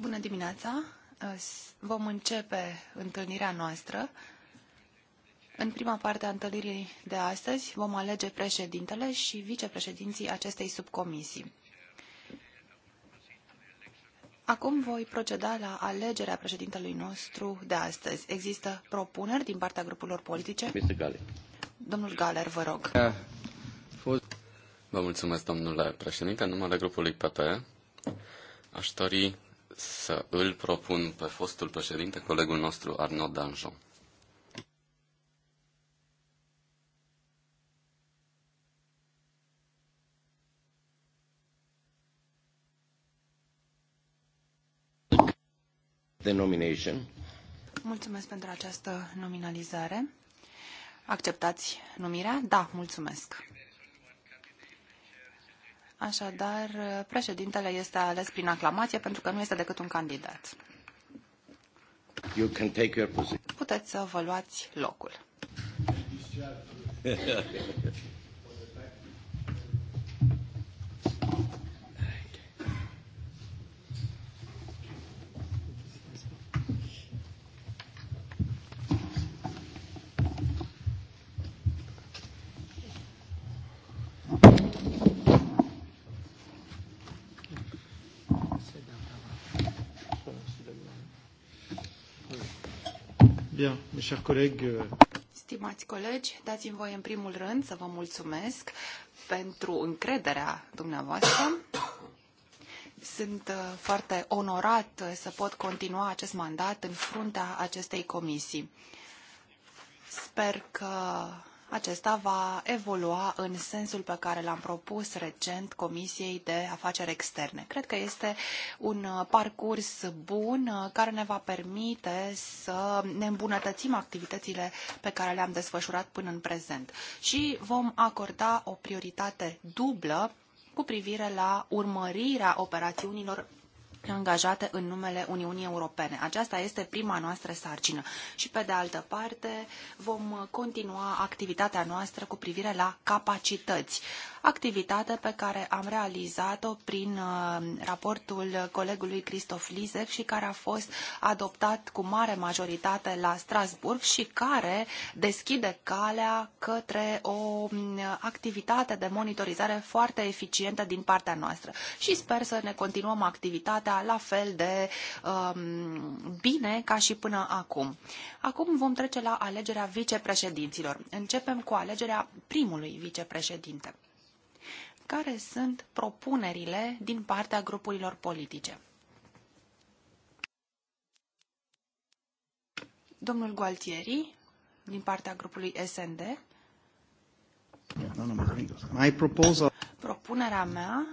Bună dimineața! Vom începe întâlnirea noastră. În prima parte a întâlnirii de astăzi vom alege președintele și vicepreședinții acestei subcomisii. Acum voi proceda la alegerea președintelui nostru de astăzi. Există propuneri din partea grupurilor politice? Domnul Galer, vă rog. Da. Vă mulțumesc, domnule președinte. În numele grupului PP aș dori să îl propun pe fostul președinte, colegul nostru Arnaud Danjon. The nomination. Mulțumesc pentru această nominalizare. Acceptați numirea? Da, mulțumesc. Așadar, președintele este ales prin aclamație pentru că nu este decât un candidat. You can take your Puteți să vă luați locul. mes euh, Stimați colegi, dați-mi voi în primul rând să vă mulțumesc pentru încrederea dumneavoastră. Sunt uh, foarte onorat uh, să pot continua acest mandat în fruntea acestei comisii. Sper că acesta va evolua în sensul pe care l-am propus recent Comisiei de Afaceri Externe. Cred că este un uh, parcurs bun uh, care ne va permite să ne îmbunătățim activitățile pe care le-am desfășurat până în prezent și vom acorda o prioritate dublă cu privire la urmărirea operațiunilor angajate în numele Uniunii Europene. Aceasta este prima noastră sarcină și, pe de altă parte, vom continua activitatea noastră cu privire la capacități activitate pe care am realizat-o prin uh, raportul colegului Cristof Lisek și care a fost adoptat cu mare majoritate la Strasburg și care deschide calea către o mm, activitate de monitorizare foarte eficientă din partea noastră. Și sper să ne continuăm activitatea la fel de um, bine ca și până acum. Acum vom trece la alegerea vicepreședinților. Începem cu alegerea primului vicepreședinte care sunt propunerile din partea grupurilor politice. Domnul Gualtieri, din partea grupului SND. Propunerea mea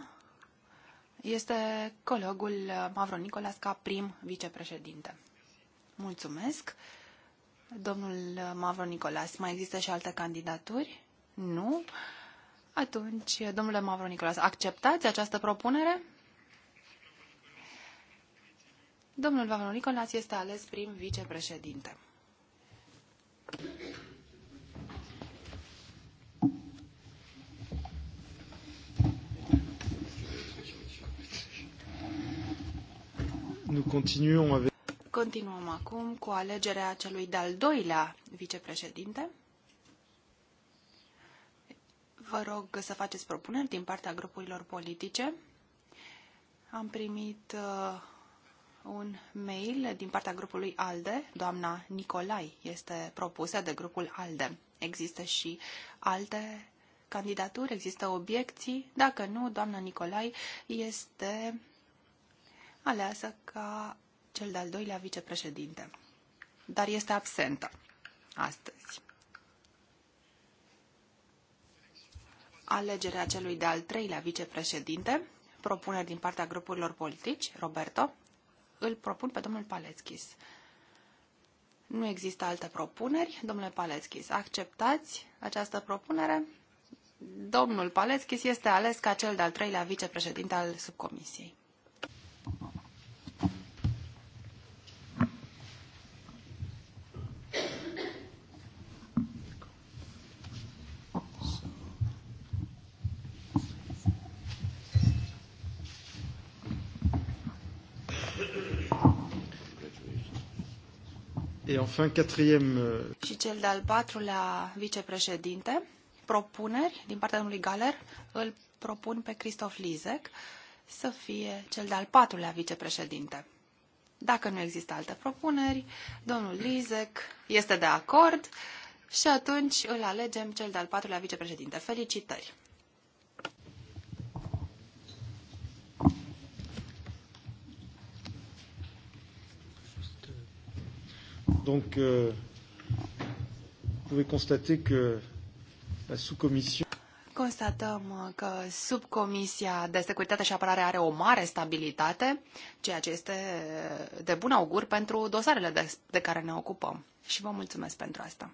este colegul Mavro Nicolas ca prim vicepreședinte. Mulțumesc. Domnul Mavro Nicolas, mai există și alte candidaturi? Nu. Atunci, domnule Mavronicolas, acceptați această propunere? Domnul Mavronicolas este ales prim vicepreședinte. Continuăm acum cu alegerea celui de-al doilea vicepreședinte vă rog să faceți propuneri din partea grupurilor politice. Am primit uh, un mail din partea grupului ALDE. Doamna Nicolai este propusă de grupul ALDE. Există și alte candidaturi? Există obiecții? Dacă nu, doamna Nicolai este aleasă ca cel de-al doilea vicepreședinte, dar este absentă astăzi. alegerea celui de-al treilea vicepreședinte, propuneri din partea grupurilor politici, Roberto, îl propun pe domnul Paleschis. Nu există alte propuneri. Domnule Paleschis, acceptați această propunere? Domnul Paleschis este ales ca cel de-al treilea vicepreședinte al subcomisiei. enfin, quatrième... Euh, și cel de-al patrulea vicepreședinte, propuneri din partea domnului Galer, îl propun pe Christoph Lizek să fie cel de-al patrulea vicepreședinte. Dacă nu există alte propuneri, domnul Lizek este de acord și atunci îl alegem cel de-al patrulea vicepreședinte. Felicitări! Donc, euh, vous pouvez constater que la sous-commission. Constatăm uh, că subcomisia de securitate și apărare are o mare stabilitate, ceea ce este uh, de bun augur pentru dosarele de, de care ne ocupăm. Și vă mulțumesc pentru asta.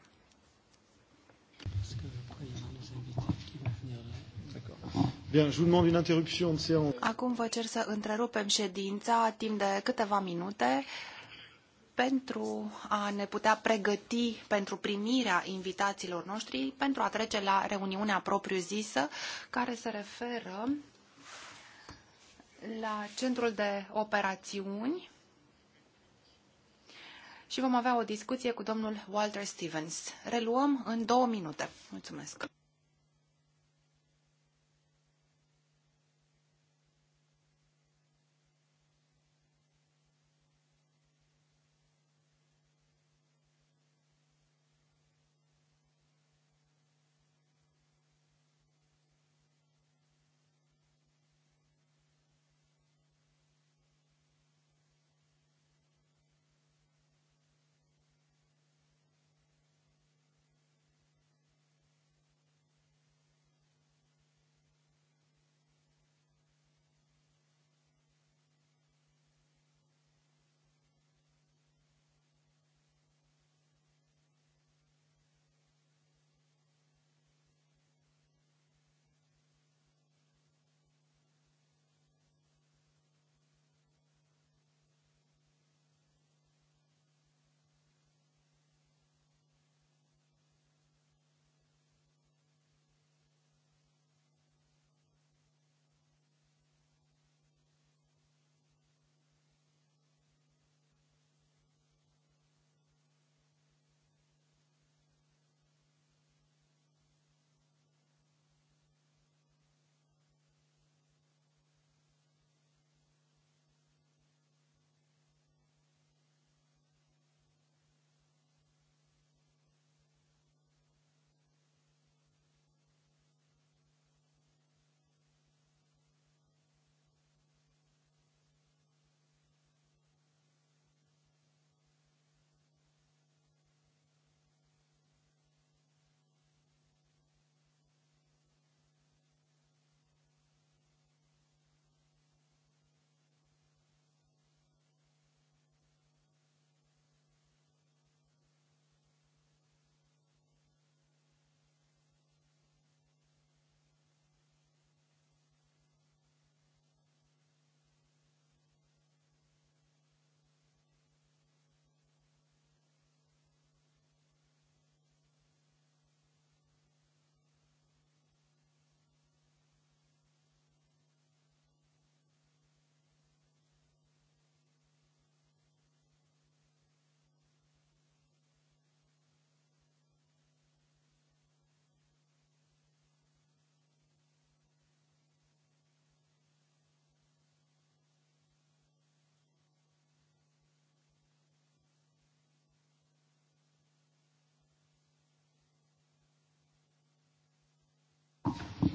Bien, je vous demande une interruption de séance. Acum vă cer să întrerupem ședința timp de câteva minute pentru a ne putea pregăti pentru primirea invitațiilor noștri, pentru a trece la reuniunea propriu-zisă, care se referă la centrul de operațiuni și vom avea o discuție cu domnul Walter Stevens. Reluăm în două minute. Mulțumesc!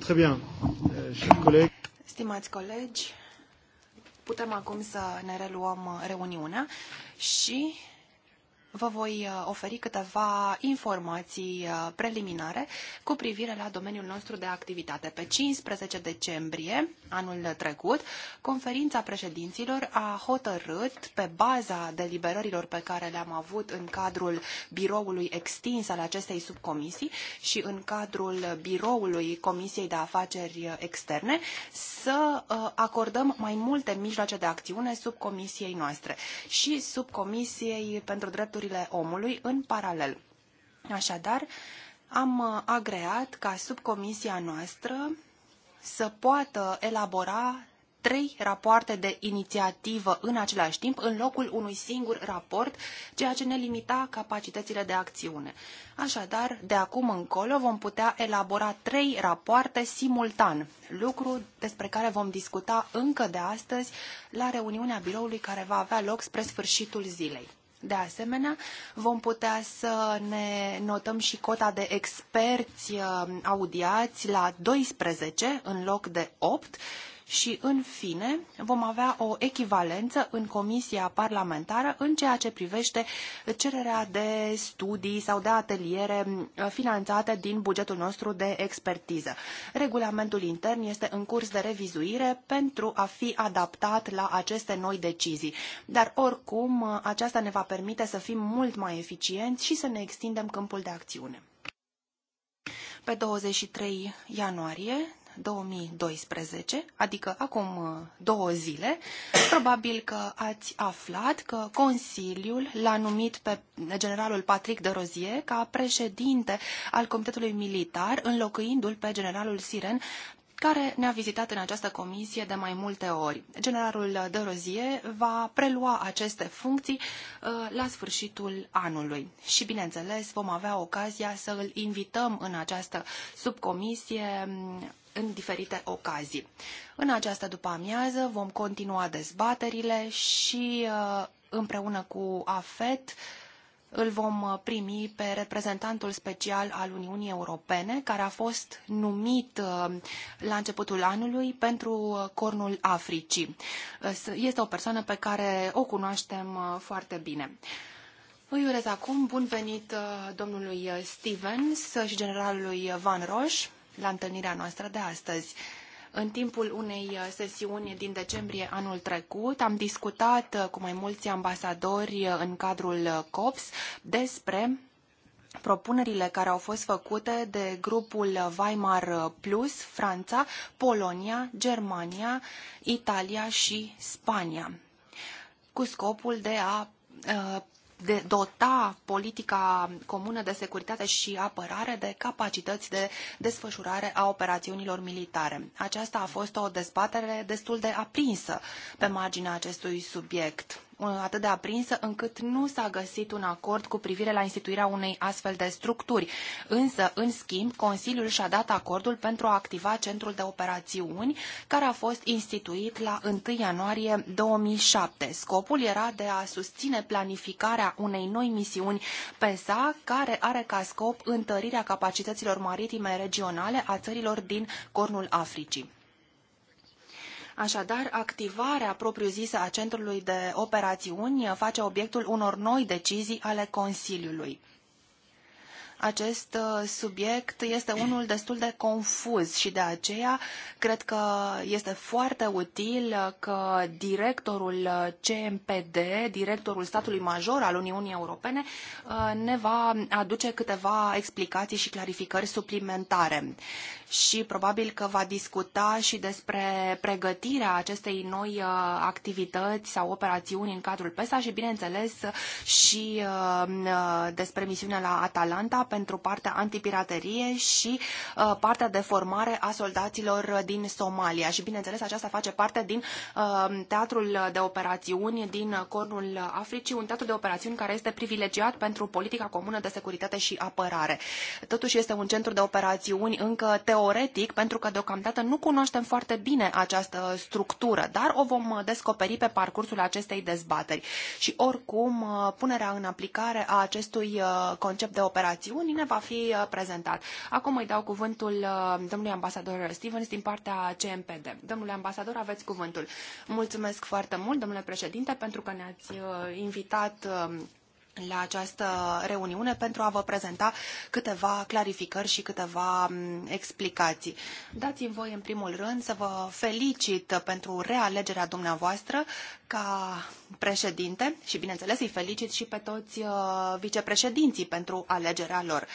Très bien, euh, chers collègues. Stimați colegi, putem acum să ne reluăm uh, reuniunea și vă voi uh, oferi câteva informații uh, preliminare cu privire la domeniul nostru de activitate. Pe 15 decembrie anul trecut, conferința președinților a hotărât pe baza deliberărilor pe care le-am avut în cadrul biroului extins al acestei subcomisii și în cadrul biroului Comisiei de Afaceri Externe să uh, acordăm mai multe mijloace de acțiune sub comisiei noastre și sub comisiei pentru drepturi drepturile omului în paralel. Așadar, am uh, agreat ca subcomisia noastră să poată elabora trei rapoarte de inițiativă în același timp, în locul unui singur raport, ceea ce ne limita capacitățile de acțiune. Așadar, de acum încolo vom putea elabora trei rapoarte simultan, lucru despre care vom discuta încă de astăzi la reuniunea biroului care va avea loc spre sfârșitul zilei. De asemenea, vom putea să ne notăm și cota de experți uh, audiați la 12 în loc de 8 și, în fine, vom avea o echivalență în Comisia Parlamentară în ceea ce privește cererea de studii sau de ateliere finanțate din bugetul nostru de expertiză. Regulamentul intern este în curs de revizuire pentru a fi adaptat la aceste noi decizii, dar, oricum, aceasta ne va permite să fim mult mai eficienți și să ne extindem câmpul de acțiune. Pe 23 ianuarie 2012, adică acum uh, două zile, probabil că ați aflat că Consiliul l-a numit pe generalul Patrick de Rozier ca președinte al Comitetului Militar, înlocuindu-l pe generalul Siren, care ne-a vizitat în această comisie de mai multe ori. Generalul de Rozie va prelua aceste funcții uh, la sfârșitul anului și, bineînțeles, vom avea ocazia să îl invităm în această subcomisie mm, în diferite ocazii. În această după-amiază vom continua dezbaterile și uh, împreună cu AFET îl vom uh, primi pe reprezentantul special al Uniunii Europene, care a fost numit uh, la începutul anului pentru Cornul Africii. Este o persoană pe care o cunoaștem foarte bine. Îi urez acum bun venit domnului Stevens și generalului Van Roche la întâlnirea noastră de astăzi. În timpul unei uh, sesiuni din decembrie anul trecut am discutat uh, cu mai mulți ambasadori uh, în cadrul COPS despre propunerile care au fost făcute de grupul Weimar Plus, Franța, Polonia, Germania, Italia și Spania, cu scopul de a de dota politica comună de securitate și apărare de capacități de desfășurare a operațiunilor militare. Aceasta a fost o dezbatere destul de aprinsă pe marginea acestui subiect. Uh, atât de aprinsă încât nu s-a găsit un acord cu privire la instituirea unei astfel de structuri. Însă, în schimb, Consiliul și-a dat acordul pentru a activa Centrul de Operațiuni, care a fost instituit la 1 ianuarie 2007. Scopul era de a susține planificarea unei noi misiuni PESA, care are ca scop întărirea capacităților maritime regionale a țărilor din Cornul Africii. Așadar, activarea propriu-zisă a Centrului de Operațiuni face obiectul unor noi decizii ale Consiliului acest uh, subiect este unul destul de confuz și de aceea cred că este foarte util că directorul uh, CMPD, directorul statului major al Uniunii Europene, uh, ne va aduce câteva explicații și clarificări suplimentare. Și probabil că va discuta și despre pregătirea acestei noi activități sau operațiuni în cadrul PESA și, bineînțeles, și despre misiunea la Atalanta pentru partea antipiraterie și uh, partea de formare a soldaților din Somalia. Și, bineînțeles, aceasta face parte din uh, teatrul de operațiuni din Cornul Africii, un teatru de operațiuni care este privilegiat pentru politica comună de securitate și apărare. Totuși este un centru de operațiuni încă teoretic, pentru că deocamdată nu cunoaștem foarte bine această structură, dar o vom descoperi pe parcursul acestei dezbateri. Și oricum, uh, punerea în aplicare a acestui concept de operațiuni regiuni ne va fi uh, prezentat. Acum îi dau cuvântul uh, domnului ambasador Stevens din partea CMPD. Domnule ambasador, aveți cuvântul. Mulțumesc foarte mult, domnule președinte, pentru că ne-ați uh, invitat la această reuniune pentru a vă prezenta câteva clarificări și câteva mm, explicații. Dați-mi voi, în primul rând, să vă felicit pentru realegerea dumneavoastră ca președinte și, bineînțeles, îi felicit și pe toți uh, vicepreședinții pentru alegerea lor.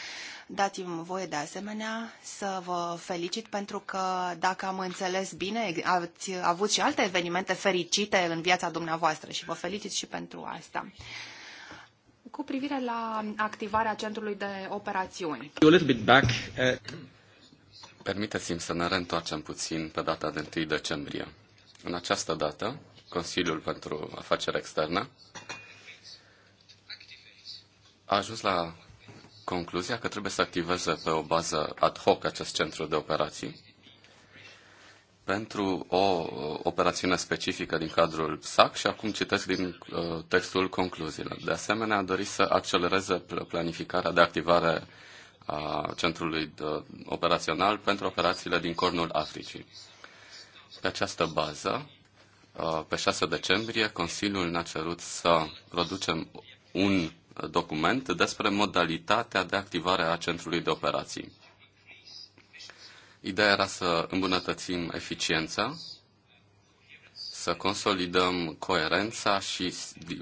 Dați-mi voie de asemenea să vă felicit pentru că, dacă am înțeles bine, ați avut și alte evenimente fericite în viața dumneavoastră și vă felicit și pentru asta cu privire la activarea centrului de operațiuni. Uh, Permiteți-mi să ne reîntoarcem puțin pe data de 1 decembrie. În această dată, Consiliul pentru Afaceri Externe a ajuns la concluzia că trebuie să activeze pe o bază ad hoc acest centru de operații pentru o operațiune specifică din cadrul SAC și acum citesc din uh, textul concluziilor. De asemenea, a dorit să accelereze planificarea de activare a centrului operațional pentru operațiile din cornul Africii. Pe această bază, uh, pe 6 decembrie, Consiliul ne-a cerut să producem un document despre modalitatea de activare a centrului de operații. Ideea era să îmbunătățim eficiența, să consolidăm coerența și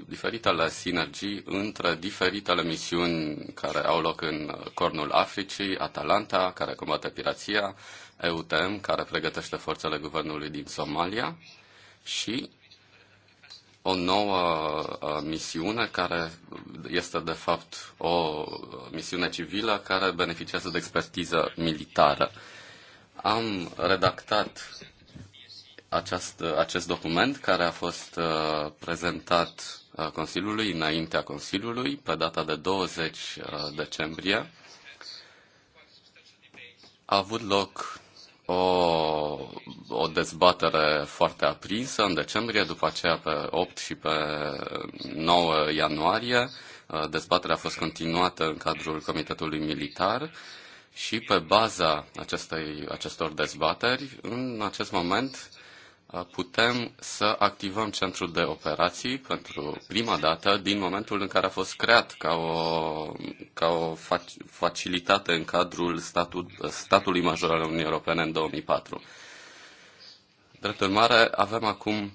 diferitele sinergii între diferitele misiuni care au loc în Cornul Africii, Atalanta, care combate pirația, EUTM, care pregătește forțele guvernului din Somalia și o nouă uh, misiune care este de fapt o misiune civilă care beneficiază de expertiză militară. Am redactat această, acest document care a fost uh, prezentat uh, Consiliului, înaintea Consiliului, pe data de 20 uh, decembrie. A avut loc o, o dezbatere foarte aprinsă în decembrie, după aceea pe 8 și pe 9 ianuarie. Uh, dezbaterea a fost continuată în cadrul Comitetului Militar și pe baza acestei, acestor dezbateri, în acest moment uh, putem să activăm centrul de operații pentru prima dată din momentul în care a fost creat ca o, ca o fac, facilitate în cadrul statul, statului major al Uniunii Europene în 2004. Drept urmare, avem acum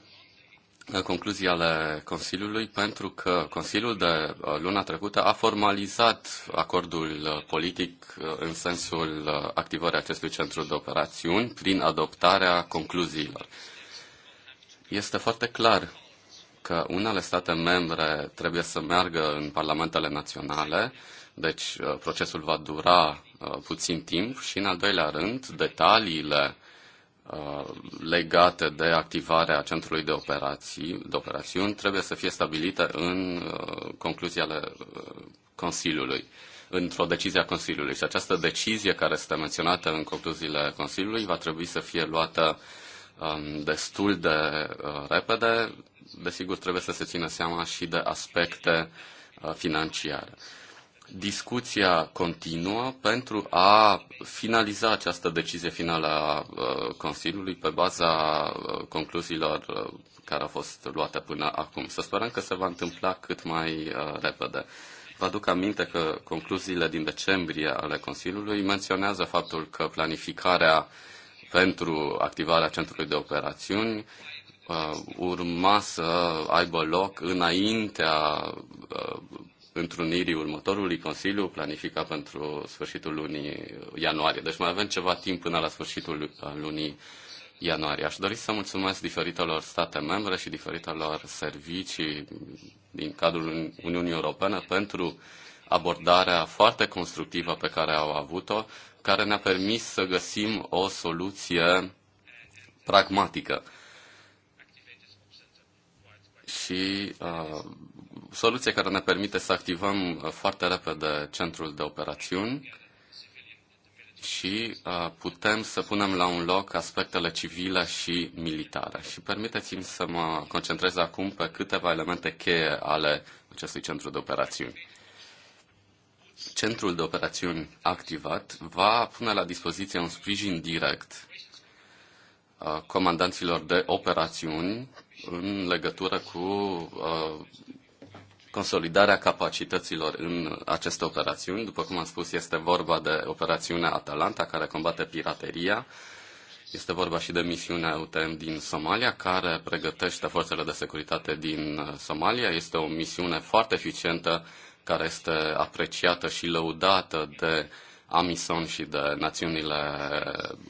concluzii ale Consiliului, pentru că Consiliul de uh, luna trecută a formalizat acordul uh, politic uh, în sensul activării acestui centru de operațiuni prin adoptarea concluziilor. Este foarte clar că unele state membre trebuie să meargă în parlamentele naționale, deci procesul va dura puțin timp și, în al doilea rând, detaliile Uh, legate de activarea centrului de operații, de operațiuni trebuie să fie stabilite în uh, concluziile uh, Consiliului, într-o decizie a Consiliului. Și această decizie care este menționată în concluziile Consiliului va trebui să fie luată um, destul de repede. Desigur, trebuie să se țină seama și de aspecte financiare. Discuția continuă pentru a finaliza această decizie finală a uh, Consiliului pe baza uh, concluziilor uh, care au fost luate până acum. Să sperăm că se va întâmpla cât mai repede. Vă aduc aminte că concluziile din decembrie ale Consiliului menționează faptul că planificarea pentru activarea centrului de operațiuni urma să aibă loc înaintea întrunirii următorului Consiliu, planificat pentru sfârșitul lunii ianuarie. Deci mai avem ceva timp până la sfârșitul lunii ianuarie. Aș dori să mulțumesc diferitelor state membre și diferitelor servicii din cadrul Uniunii Europene pentru abordarea foarte constructivă pe care au avut-o, care ne-a permis să găsim o soluție pragmatică. Și uh, soluție care ne permite să activăm uh, foarte repede centrul de operațiuni și uh, putem să punem la un loc aspectele civile și militare. Și permiteți-mi să mă concentrez acum pe câteva elemente cheie ale acestui centru de operațiuni. Centrul de operațiuni activat va pune la dispoziție un sprijin direct uh, comandanților de operațiuni în legătură cu consolidarea capacităților în aceste operațiuni. După cum am spus, este vorba de operațiunea Atalanta, care combate pirateria. Este vorba și de misiunea UTM din Somalia, care pregătește forțele de securitate din uh, Somalia. Este o misiune foarte eficientă, care este apreciată și lăudată de Amison și de Națiunile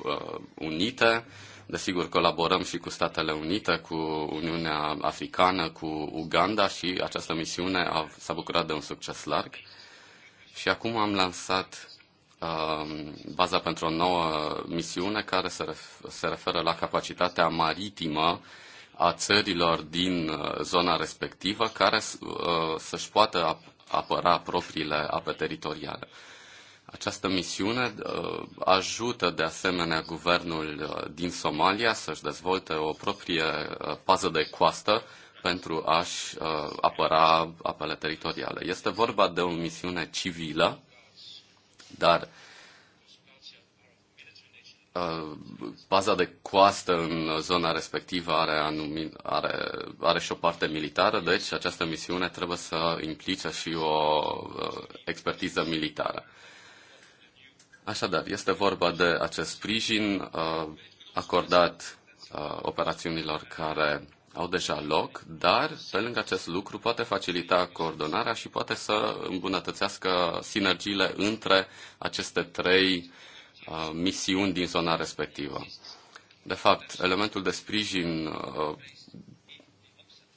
uh, Unite. Desigur, colaborăm și cu Statele Unite, cu Uniunea Africană, cu Uganda și această misiune a, s-a bucurat de un succes larg. Și acum am lansat uh, baza pentru o nouă misiune care se, ref- se referă la capacitatea maritimă a țărilor din uh, zona respectivă care uh, să-și poată ap- apăra propriile ape teritoriale. Această misiune uh, ajută de asemenea guvernul uh, din Somalia să-și dezvolte o proprie uh, pază de coastă pentru a-și apăra apele teritoriale. Este vorba de o misiune civilă, dar paza de coastă în zona respectivă are, anumi, are, are și o parte militară, deci această misiune trebuie să implice și o expertiză militară. Așadar, este vorba de acest sprijin uh, acordat uh, operațiunilor care au deja loc, dar pe lângă acest lucru poate facilita coordonarea și poate să îmbunătățească sinergiile între aceste trei uh, misiuni din zona respectivă. De fapt, elementul de sprijin uh,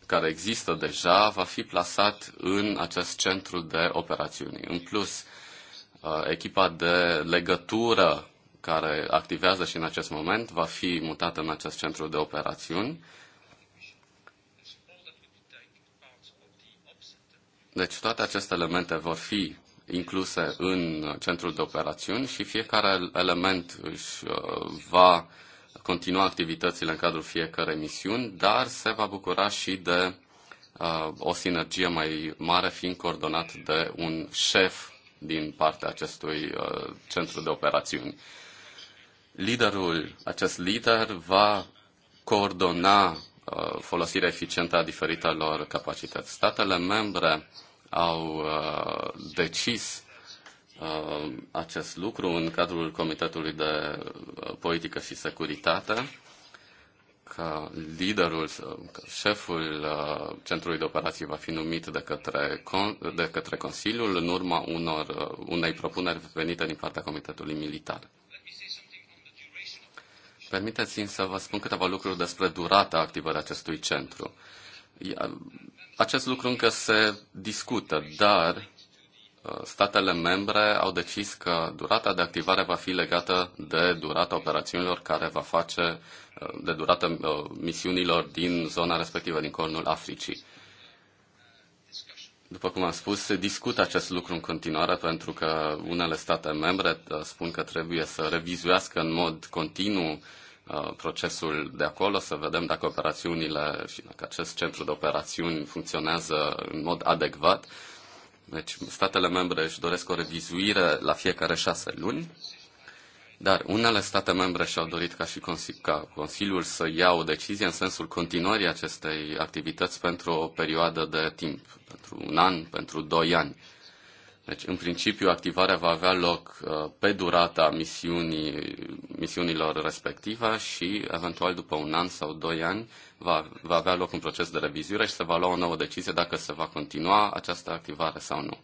care există deja va fi plasat în acest centru de operațiuni. În plus, uh, Uh, echipa de legătură care activează și în acest moment va fi mutată în acest centru de operațiuni. Deci toate aceste elemente vor fi incluse în centrul de operațiuni și fiecare element își uh, va continua activitățile în cadrul fiecărei misiuni, dar se va bucura și de uh, o sinergie mai mare fiind coordonat de un șef din partea acestui uh, centru de operațiuni. Liderul, acest lider va coordona uh, folosirea eficientă a diferitelor capacități. Statele membre au uh, decis uh, acest lucru în cadrul Comitetului de uh, Politică și Securitate că liderul, șeful uh, Centrului de Operații va fi numit de către, de către Consiliul în urma unor, uh, unei propuneri venite din partea Comitetului Militar. Permiteți-mi să vă spun câteva lucruri despre durata activării acestui centru. Acest lucru încă se discută, dar statele membre au decis că durata de activare va fi legată de durata operațiunilor care va face, uh, de durata uh, misiunilor din zona respectivă, din cornul Africii. După cum am spus, se discută acest lucru în continuare pentru că unele state membre uh, spun că trebuie să revizuiască în mod continuu procesul de acolo, să vedem dacă operațiunile și dacă acest centru de operațiuni funcționează în mod adecvat deci statele membre își doresc o revizuire la fiecare șase luni, dar unele state membre și-au dorit ca și consili, ca Consiliul să ia o decizie în sensul continuării acestei activități pentru o perioadă de timp, pentru un an, pentru doi ani. Deci, în principiu, activarea va avea loc uh, pe durata misiunii, misiunilor respective și, eventual, după un an sau doi ani, va, va avea loc un proces de revizuire și se va lua o nouă decizie dacă se va continua această activare sau nu.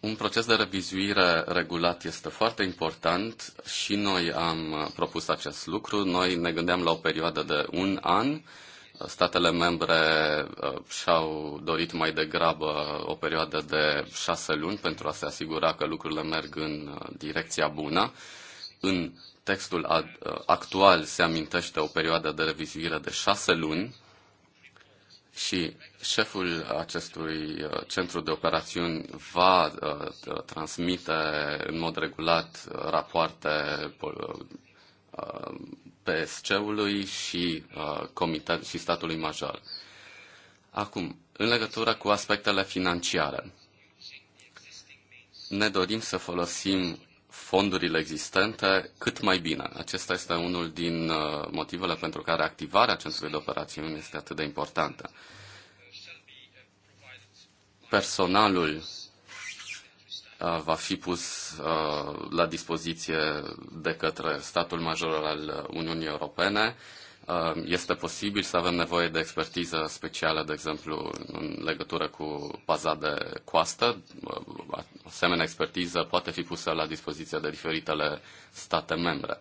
Un proces de revizuire regulat este foarte important și noi am uh, propus acest lucru. Noi ne gândeam la o perioadă de un an Statele membre uh, și-au dorit mai degrabă o perioadă de șase luni pentru a se asigura că lucrurile merg în uh, direcția bună. În textul uh, actual se amintește o perioadă de revizuire de șase luni și șeful acestui centru de operațiuni va transmite în mod regulat rapoarte PSC-ului și, uh, și statului major. Acum, în legătură cu aspectele financiare, ne dorim să folosim fondurile existente cât mai bine. Acesta este unul din uh, motivele pentru care activarea centrului de operațiuni este atât de importantă. Personalul Uh, va fi pus uh, la dispoziție de către statul major al Uniunii Europene. Uh, este posibil să avem nevoie de expertiză specială, de exemplu, în legătură cu paza de coastă. Asemenea expertiză poate fi pusă la dispoziție de diferitele state membre.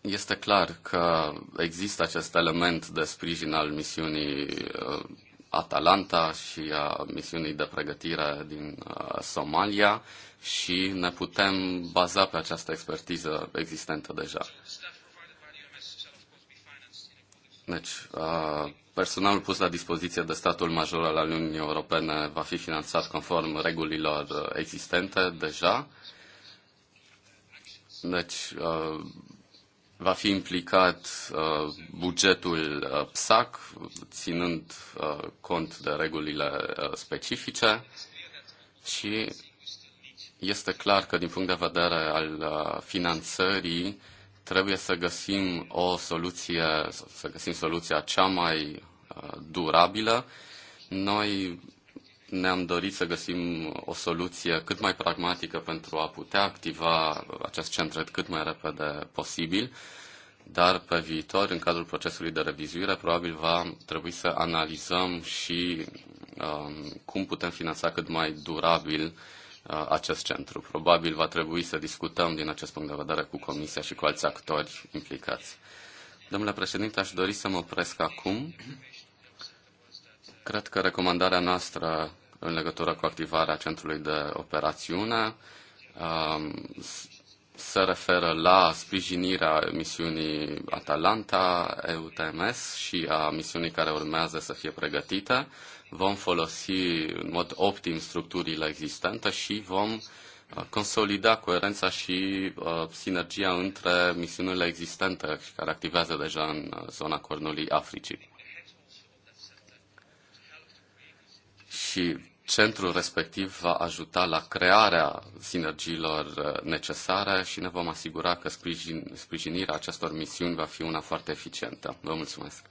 Este clar că există acest element de sprijin al misiunii Atalanta și a misiunii de pregătire din Somalia și ne putem baza pe această expertiză existentă deja. Deci, personalul pus la dispoziție de statul major al Uniunii Europene va fi finanțat conform regulilor existente deja. Deci, va fi implicat uh, bugetul uh, PSAC, ținând uh, cont de regulile uh, specifice și este clar că din punct de vedere al uh, finanțării trebuie să găsim o soluție, să găsim soluția cea mai uh, durabilă. Noi ne-am dorit să găsim o soluție cât mai pragmatică pentru a putea activa acest centret cât mai repede posibil, dar pe viitor, în cadrul procesului de revizuire, probabil va trebui să analizăm și um, cum putem finanța cât mai durabil uh, acest centru. Probabil va trebui să discutăm din acest punct de vedere cu Comisia și cu alți actori implicați. Domnule președinte, aș dori să mă opresc acum. Cred că recomandarea noastră în legătură cu activarea centrului de operațiune um, se referă la sprijinirea misiunii Atalanta, EUTMS și a misiunii care urmează să fie pregătită. Vom folosi în mod optim structurile existente și vom uh, consolida coerența și uh, sinergia între misiunile existente și care activează deja în uh, zona Cornului Africii. Și centrul respectiv va ajuta la crearea sinergiilor uh, necesare și ne vom asigura că sprijin, sprijinirea acestor misiuni va fi una foarte eficientă. Vă mulțumesc!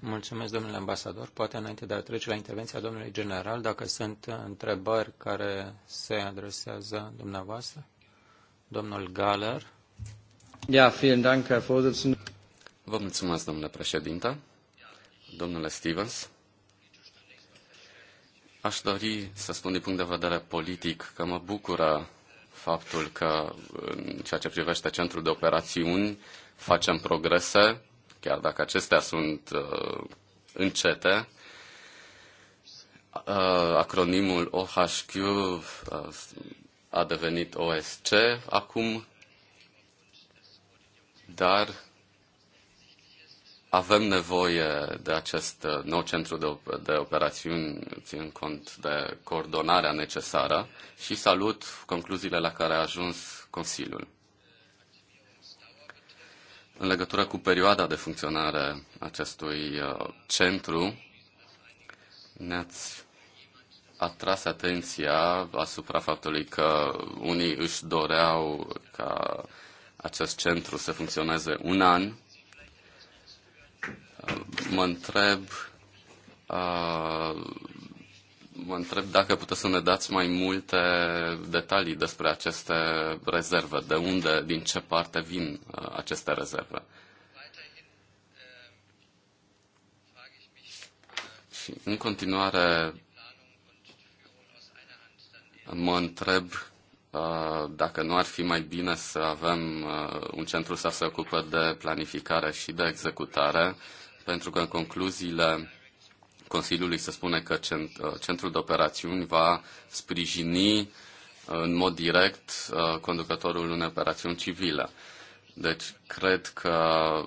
Mulțumesc, domnule ambasador. Poate înainte de a trece la intervenția domnului general, dacă sunt întrebări care se adresează dumneavoastră. Domnul Galer. Ja, vielen Dank, Herr Vorsitzender. Vă mulțumesc, domnule președinte. Domnule Stevens. Aș dori să spun din punct de vedere politic că mă bucură faptul că în ceea ce privește centrul de operațiuni facem progrese, chiar dacă acestea sunt uh, încete. Uh, acronimul OHQ uh, a devenit OSC acum, dar avem nevoie de acest nou centru de, de operațiuni, ținând cont de coordonarea necesară și salut concluziile la care a ajuns Consiliul. În legătură cu perioada de funcționare acestui uh, centru, ne-ați atras atenția asupra faptului că unii își doreau ca acest centru să funcționeze un an, mă întreb mă întreb dacă puteți să ne dați mai multe detalii despre aceste rezerve, de unde, din ce parte vin aceste rezerve. Și în continuare mă întreb dacă nu ar fi mai bine să avem un centru să se ocupe de planificare și de executare pentru că în concluziile Consiliului se spune că uh, Centrul de Operațiuni va sprijini uh, în mod direct uh, conducătorul unei operațiuni civile. Deci, cred că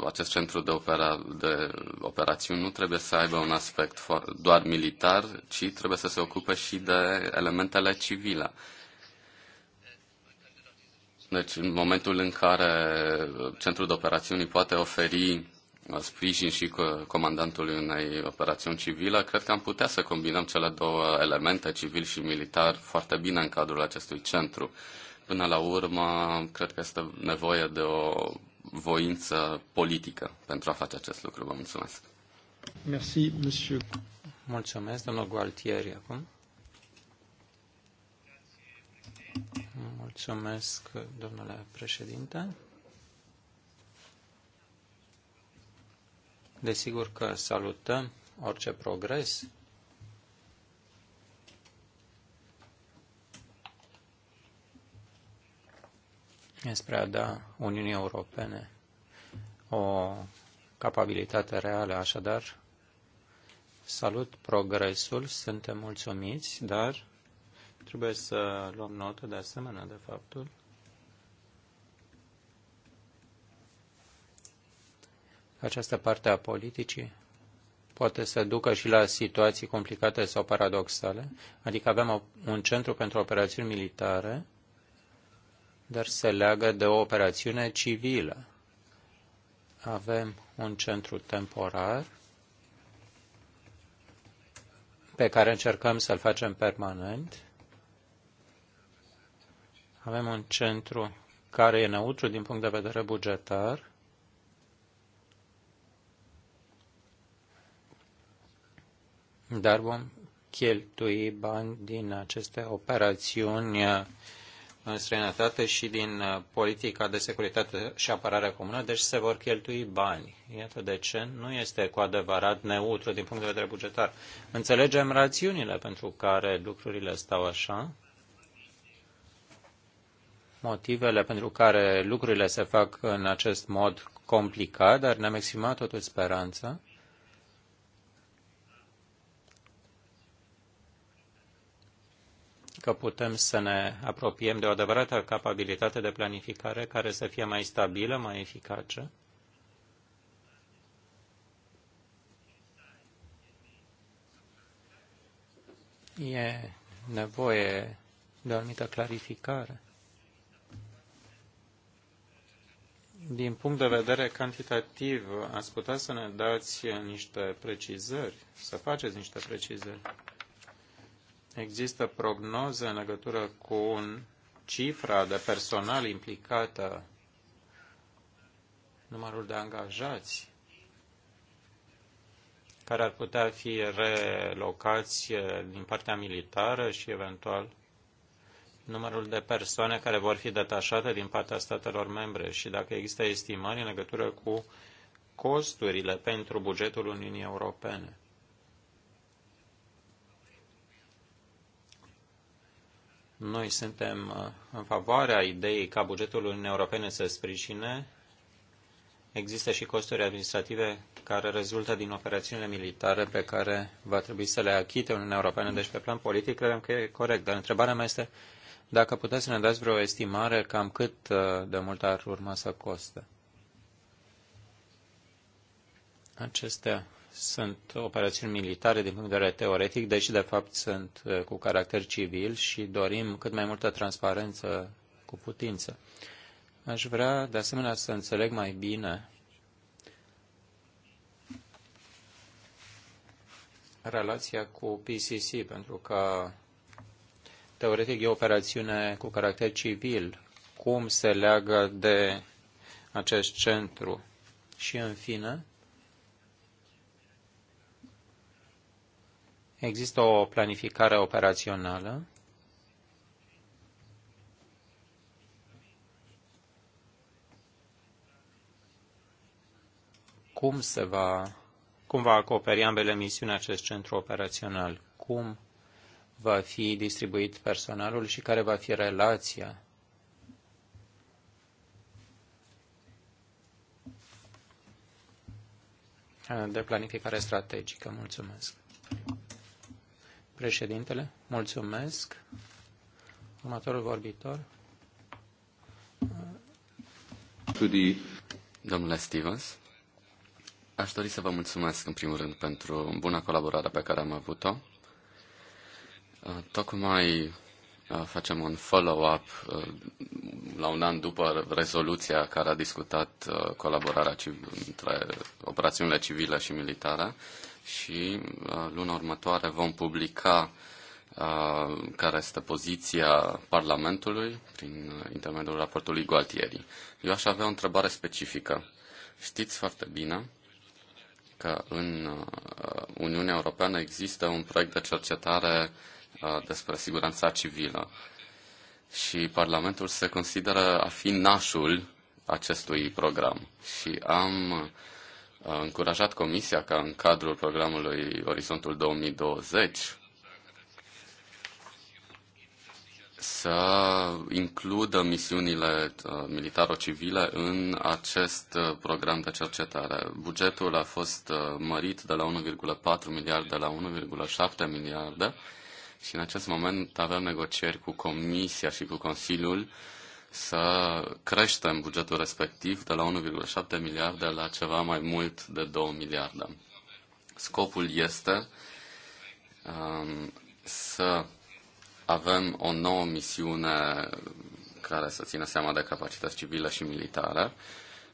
acest centru de, opera, de operațiuni nu trebuie să aibă un aspect doar militar, ci trebuie să se ocupe și de elementele civile. Deci, în momentul în care centrul de operațiuni poate oferi sprijin și comandantului unei operațiuni civile, cred că am putea să combinăm cele două elemente, civil și militar, foarte bine în cadrul acestui centru. Până la urmă, cred că este nevoie de o voință politică pentru a face acest lucru. Vă mulțumesc. Merci, monsieur. Mulțumesc, domnul Gualtieri, acum. Mulțumesc, domnule președinte. Desigur că salutăm orice progres spre a da Uniunii Europene o capabilitate reală. Așadar, salut progresul, suntem mulțumiți, dar trebuie să luăm notă de asemenea de faptul această parte a politicii poate să ducă și la situații complicate sau paradoxale, adică avem un centru pentru operațiuni militare, dar se leagă de o operațiune civilă. Avem un centru temporar pe care încercăm să-l facem permanent. Avem un centru care e neutru din punct de vedere bugetar, dar vom cheltui bani din aceste operațiuni uh, în străinătate și din uh, politica de securitate și apărare comună, deci se vor cheltui bani. Iată de ce nu este cu adevărat neutru din punct de vedere bugetar. Înțelegem rațiunile pentru care lucrurile stau așa, motivele pentru care lucrurile se fac în acest mod complicat, dar ne-am exprimat totuși speranța că putem să ne apropiem de o adevărată capabilitate de planificare care să fie mai stabilă, mai eficace. E nevoie de o anumită clarificare. Din punct de vedere cantitativ, ați putea să ne dați niște precizări, să faceți niște precizări. Există prognoze în legătură cu un cifra de personal implicată, numărul de angajați care ar putea fi relocați din partea militară și eventual numărul de persoane care vor fi detașate din partea statelor membre și dacă există estimări în legătură cu costurile pentru bugetul Uniunii Europene. Noi suntem uh, în favoarea ideii ca bugetul Uniunii Europene să sprijine. Există și costuri administrative care rezultă din operațiunile militare pe care va trebui să le achite Uniunea Europeană. Deci, pe plan politic, credem că e corect. Dar întrebarea mea este dacă puteți să ne dați vreo estimare cam cât uh, de mult ar urma să costă. Acestea sunt operațiuni militare din punct de vedere teoretic, deși de fapt sunt uh, cu caracter civil și dorim cât mai multă transparență cu putință. Aș vrea de asemenea să înțeleg mai bine relația cu PCC, pentru că teoretic e o operațiune cu caracter civil. Cum se leagă de acest centru? Și în fine, Există o planificare operațională cum se va, cum va acoperi ambele misiuni acest centru operațional, cum va fi distribuit personalul și care va fi relația de planificare strategică. Mulțumesc. Președintele, mulțumesc. Următorul vorbitor. Domnule Stevens, aș dori să vă mulțumesc în primul rând pentru buna colaborare pe care am avut-o. Uh, tocmai uh, facem un follow-up uh, la un an după rezoluția care a discutat colaborarea între operațiunile civile și militare și uh, luna următoare vom publica uh, care este poziția Parlamentului prin intermediul raportului Gualtieri. Eu aș avea o întrebare specifică. Știți foarte bine că în uh, Uniunea Europeană există un proiect de cercetare despre siguranța civilă și Parlamentul se consideră a fi nașul acestui program și am încurajat Comisia ca în cadrul programului Orizontul 2020 să includă misiunile militaro-civile în acest program de cercetare. Bugetul a fost mărit de la 1,4 miliarde la 1,7 miliarde și în acest moment avem negocieri cu Comisia și cu Consiliul să creștem bugetul respectiv de la 1,7 miliarde la ceva mai mult de 2 miliarde. Scopul este um, să avem o nouă misiune care să țină seama de capacități civile și militare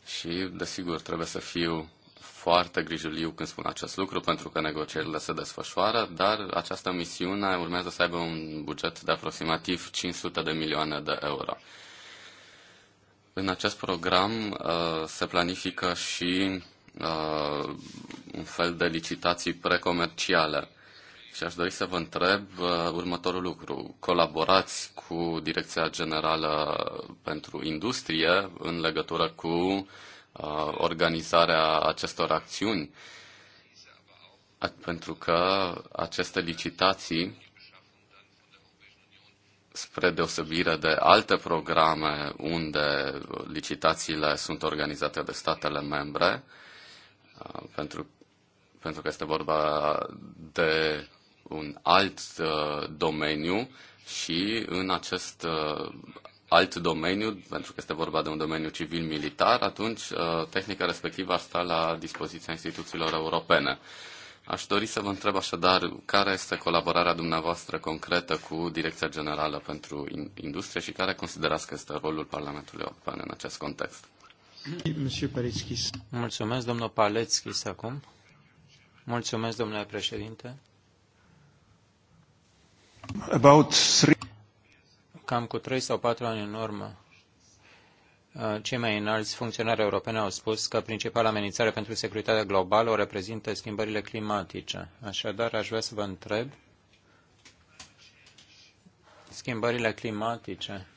și, desigur, trebuie să fiu foarte grijuliu când spun acest lucru, pentru că negocierile se desfășoară, dar această misiune urmează să aibă un buget de aproximativ 500 de milioane de euro. În acest program uh, se planifică și uh, un fel de licitații precomerciale. Și aș dori să vă întreb uh, următorul lucru. Colaborați cu Direcția Generală pentru Industrie în legătură cu organizarea acestor acțiuni? Pentru că aceste licitații spre deosebire de alte programe unde licitațiile sunt organizate de statele membre, uh, pentru, pentru că este vorba de un alt uh, domeniu și în acest uh, alt domeniu, pentru că este vorba de un domeniu civil-militar, atunci tehnica respectivă ar sta la dispoziția instituțiilor europene. Aș dori să vă întreb așadar care este colaborarea dumneavoastră concretă cu Direcția Generală pentru Industrie și care considerați că este rolul Parlamentului European în acest context. Mulțumesc, domnul Paleckis, acum. Mulțumesc, domnule președinte. About three... Cam cu trei sau patru ani în urmă, Uh, cei mai înalți funcționari europeni au spus că principala amenințare pentru securitatea globală o reprezintă schimbările climatice. Așadar, aș vrea să vă întreb, schimbările climatice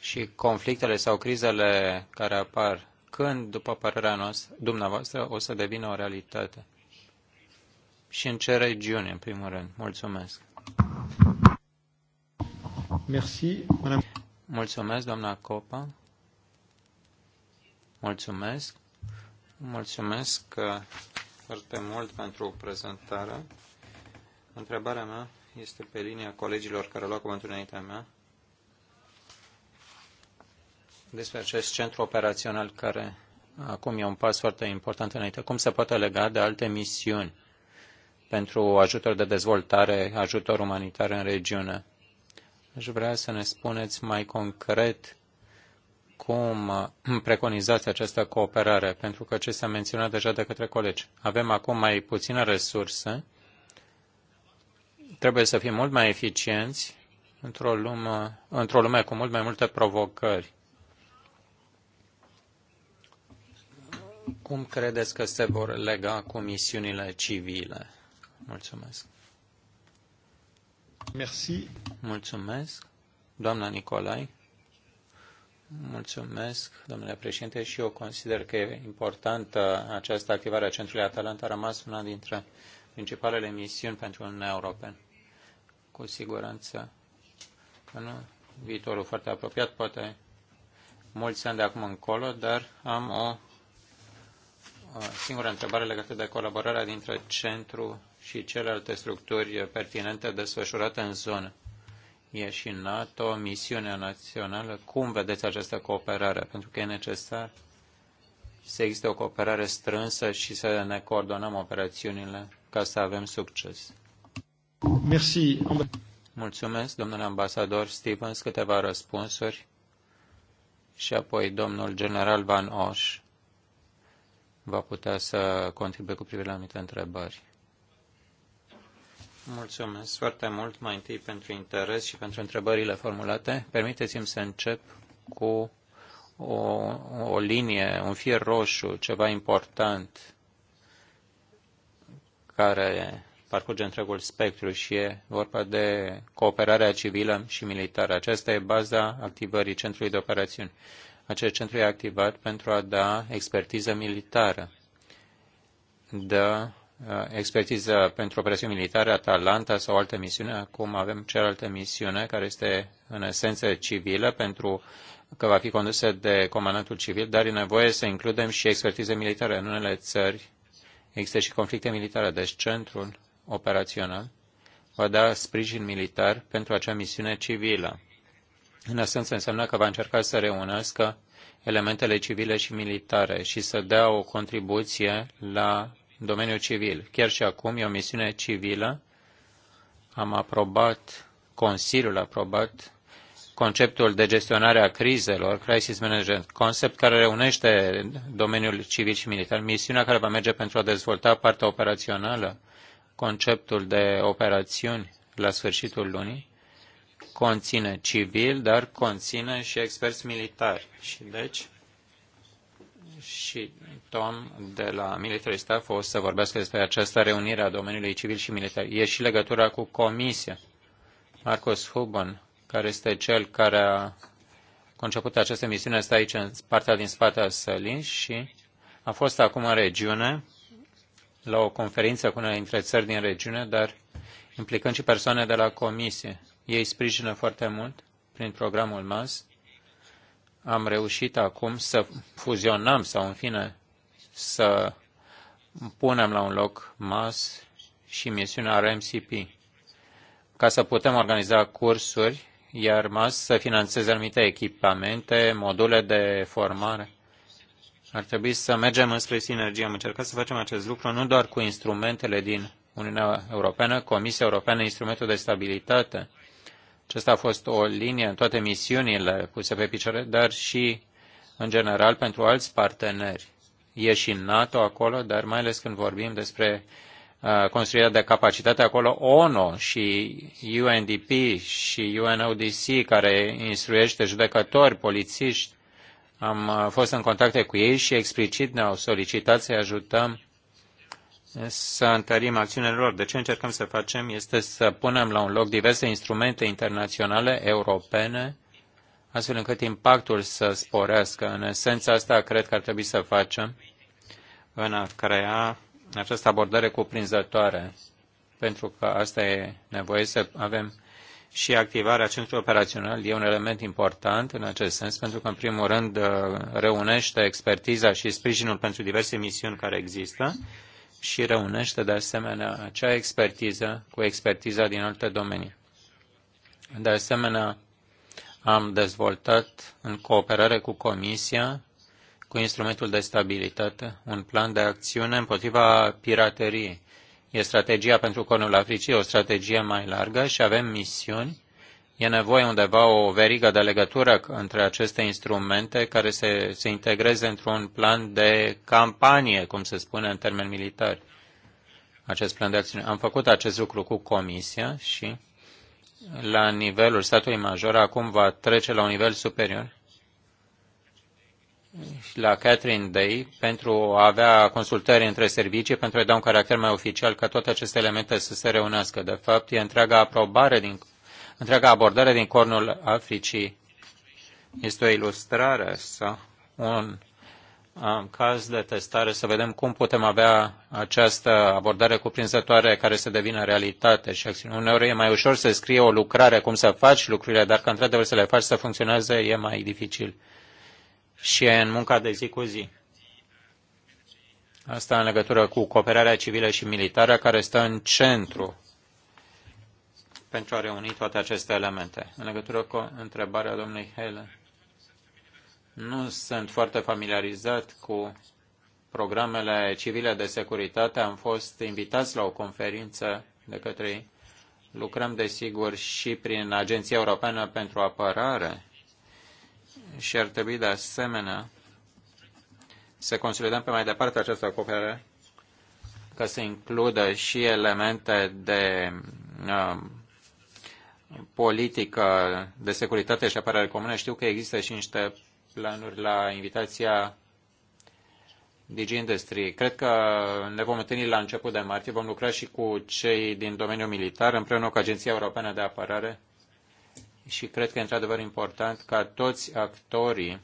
și conflictele sau crizele care apar, când, după părerea noastră, dumneavoastră, o să devină o realitate? Și în ce regiune, în primul rând? Mulțumesc. Merci, madame. Mulțumesc, doamna Copa. Mulțumesc. Mulțumesc uh, foarte mult pentru prezentare. Întrebarea mea este pe linia colegilor care au luat cuvântul înaintea mea despre acest centru operațional care acum e un pas foarte important înainte. Cum se poate lega de alte misiuni pentru ajutor de dezvoltare, ajutor umanitar în regiune? Aș vrea să ne spuneți mai concret cum preconizați această cooperare, pentru că ce s-a menționat deja de către colegi. Avem acum mai puține resurse, trebuie să fim mult mai eficienți într-o lume, într lume cu mult mai multe provocări. Cum credeți că se vor lega cu misiunile civile? Mulțumesc. Merci. Mulțumesc, doamna Nicolai. Mulțumesc, domnule președinte, și eu consider că e importantă această activare a Centrului Atalanta, a rămas una dintre principalele misiuni pentru Uniunea Europeană. Cu siguranță, nu viitorul foarte apropiat, poate mulți ani de acum încolo, dar am o singură întrebare legată de colaborarea dintre centru și celelalte structuri pertinente desfășurate în zonă. E și NATO, misiunea națională. Cum vedeți această cooperare? Pentru că e necesar să existe o cooperare strânsă și să ne coordonăm operațiunile ca să avem succes. Merci. Mulțumesc, domnule ambasador Stevens, câteva răspunsuri și apoi domnul general Van Oș va putea să contribuie cu privire la anumite întrebări. Mulțumesc foarte mult mai întâi pentru interes și pentru întrebările formulate. Permiteți-mi să încep cu o, o linie, un fir roșu, ceva important care parcurge întregul spectru și e vorba de cooperarea civilă și militară. Aceasta e baza activării Centrului de Operațiuni. Acest centru e activat pentru a da expertiză militară, dă Uh, expertiză pentru operațiuni militare, Atalanta sau altă misiune. Acum avem cealaltă misiune care este în esență civilă pentru că va fi condusă de comandantul civil, dar e nevoie să includem și expertize militare. În unele țări există și conflicte militare, deci centrul operațional va da sprijin militar pentru acea misiune civilă. În esență înseamnă că va încerca să reunească elementele civile și militare și să dea o contribuție la în domeniul civil. Chiar și acum e o misiune civilă. Am aprobat, Consiliul a aprobat conceptul de gestionare a crizelor, Crisis Management Concept, care reunește domeniul civil și militar. Misiunea care va merge pentru a dezvolta partea operațională, conceptul de operațiuni la sfârșitul lunii, conține civil, dar conține și experți militari. Și deci și Tom de la Military Staff o să vorbească despre această reunire a domeniului civil și militar. E și legătura cu Comisia. Marcos Huban, care este cel care a conceput această misiune, stă aici în partea din spate a sălii și a fost acum în regiune la o conferință cu unele dintre țări din regiune, dar implicând și persoane de la Comisie. Ei sprijină foarte mult prin programul MAS am reușit acum să fuzionăm sau, în fine, să punem la un loc MAS și misiunea RMCP ca să putem organiza cursuri, iar MAS să financeze anumite echipamente, module de formare. Ar trebui să mergem înspre sinergie. Am încercat să facem acest lucru nu doar cu instrumentele din Uniunea Europeană, Comisia Europeană, Instrumentul de Stabilitate, acesta a fost o linie în toate misiunile puse pe picioare, dar și în general pentru alți parteneri. E și NATO acolo, dar mai ales când vorbim despre uh, construirea de capacitate acolo, ONU și UNDP și UNODC, care instruiește judecători, polițiști, am uh, fost în contacte cu ei și explicit ne-au solicitat să-i ajutăm să întărim acțiunile lor. De ce încercăm să facem este să punem la un loc diverse instrumente internaționale, europene, astfel încât impactul să sporească. În esența asta, cred că ar trebui să facem în a crea această abordare cuprinzătoare, pentru că asta e nevoie să avem și activarea centrului operațional e un element important în acest sens, pentru că, în primul rând, reunește expertiza și sprijinul pentru diverse misiuni care există și reunește de asemenea acea expertiză cu expertiza din alte domenii. De asemenea, am dezvoltat în cooperare cu Comisia, cu instrumentul de stabilitate, un plan de acțiune împotriva pirateriei. E strategia pentru Cornul Africii, o strategie mai largă și avem misiuni E nevoie undeva o verigă de legătură între aceste instrumente care se, se integreze într-un plan de campanie, cum se spune în termeni militari. Acest plan de acțiune. Am făcut acest lucru cu Comisia și la nivelul statului major acum va trece la un nivel superior la Catherine Day pentru a avea consultări între servicii, pentru a da un caracter mai oficial ca toate aceste elemente să se reunească. De fapt, e întreaga aprobare din Întreaga abordare din cornul Africii este o ilustrare sau un um, caz de testare să vedem cum putem avea această abordare cuprinzătoare care să devină realitate și acțiune. Uneori e mai ușor să scrie o lucrare, cum să faci lucrurile, dar când trebuie să le faci să funcționeze e mai dificil. Și e în munca de zi cu zi. Asta în legătură cu cooperarea civilă și militară care stă în centru pentru a reuni toate aceste elemente. În legătură cu întrebarea domnului Helen, nu sunt foarte familiarizat cu programele civile de securitate. Am fost invitați la o conferință de către ei. Lucrăm, desigur, și prin Agenția Europeană pentru Apărare și ar trebui, de asemenea, să consolidăm pe mai departe această cooperare, ca să includă și elemente de uh, politică de securitate și apărare comună, știu că există și niște planuri la invitația Digi Industry. Cred că ne vom întâlni la început de martie, vom lucra și cu cei din domeniul militar, împreună cu Agenția Europeană de Apărare și cred că e într-adevăr important ca toți actorii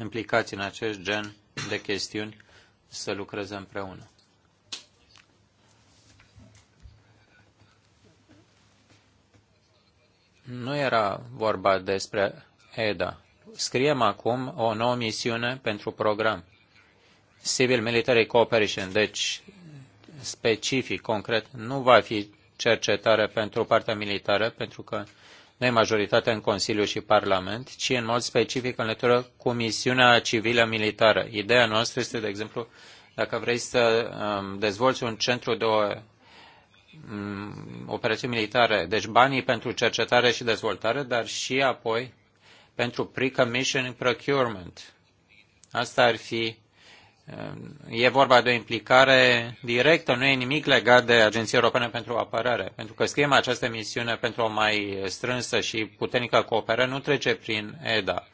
implicați în acest gen de chestiuni să lucreze împreună. Nu era vorba despre EDA. Scriem acum o nouă misiune pentru program. Civil Military Cooperation, deci specific, concret, nu va fi cercetare pentru partea militară, pentru că nu e majoritate în Consiliu și Parlament, ci în mod specific în legătură cu misiunea civilă-militară. Ideea noastră este, de exemplu, dacă vrei să um, dezvolți un centru de Mm, operațiuni militare, deci banii pentru cercetare și dezvoltare, dar și apoi pentru pre-commissioning procurement. Asta ar fi, mm, e vorba de o implicare directă, nu e nimic legat de Agenția Europeană pentru Apărare, pentru că scriem această misiune pentru o mai strânsă și puternică cooperare, nu trece prin EDA,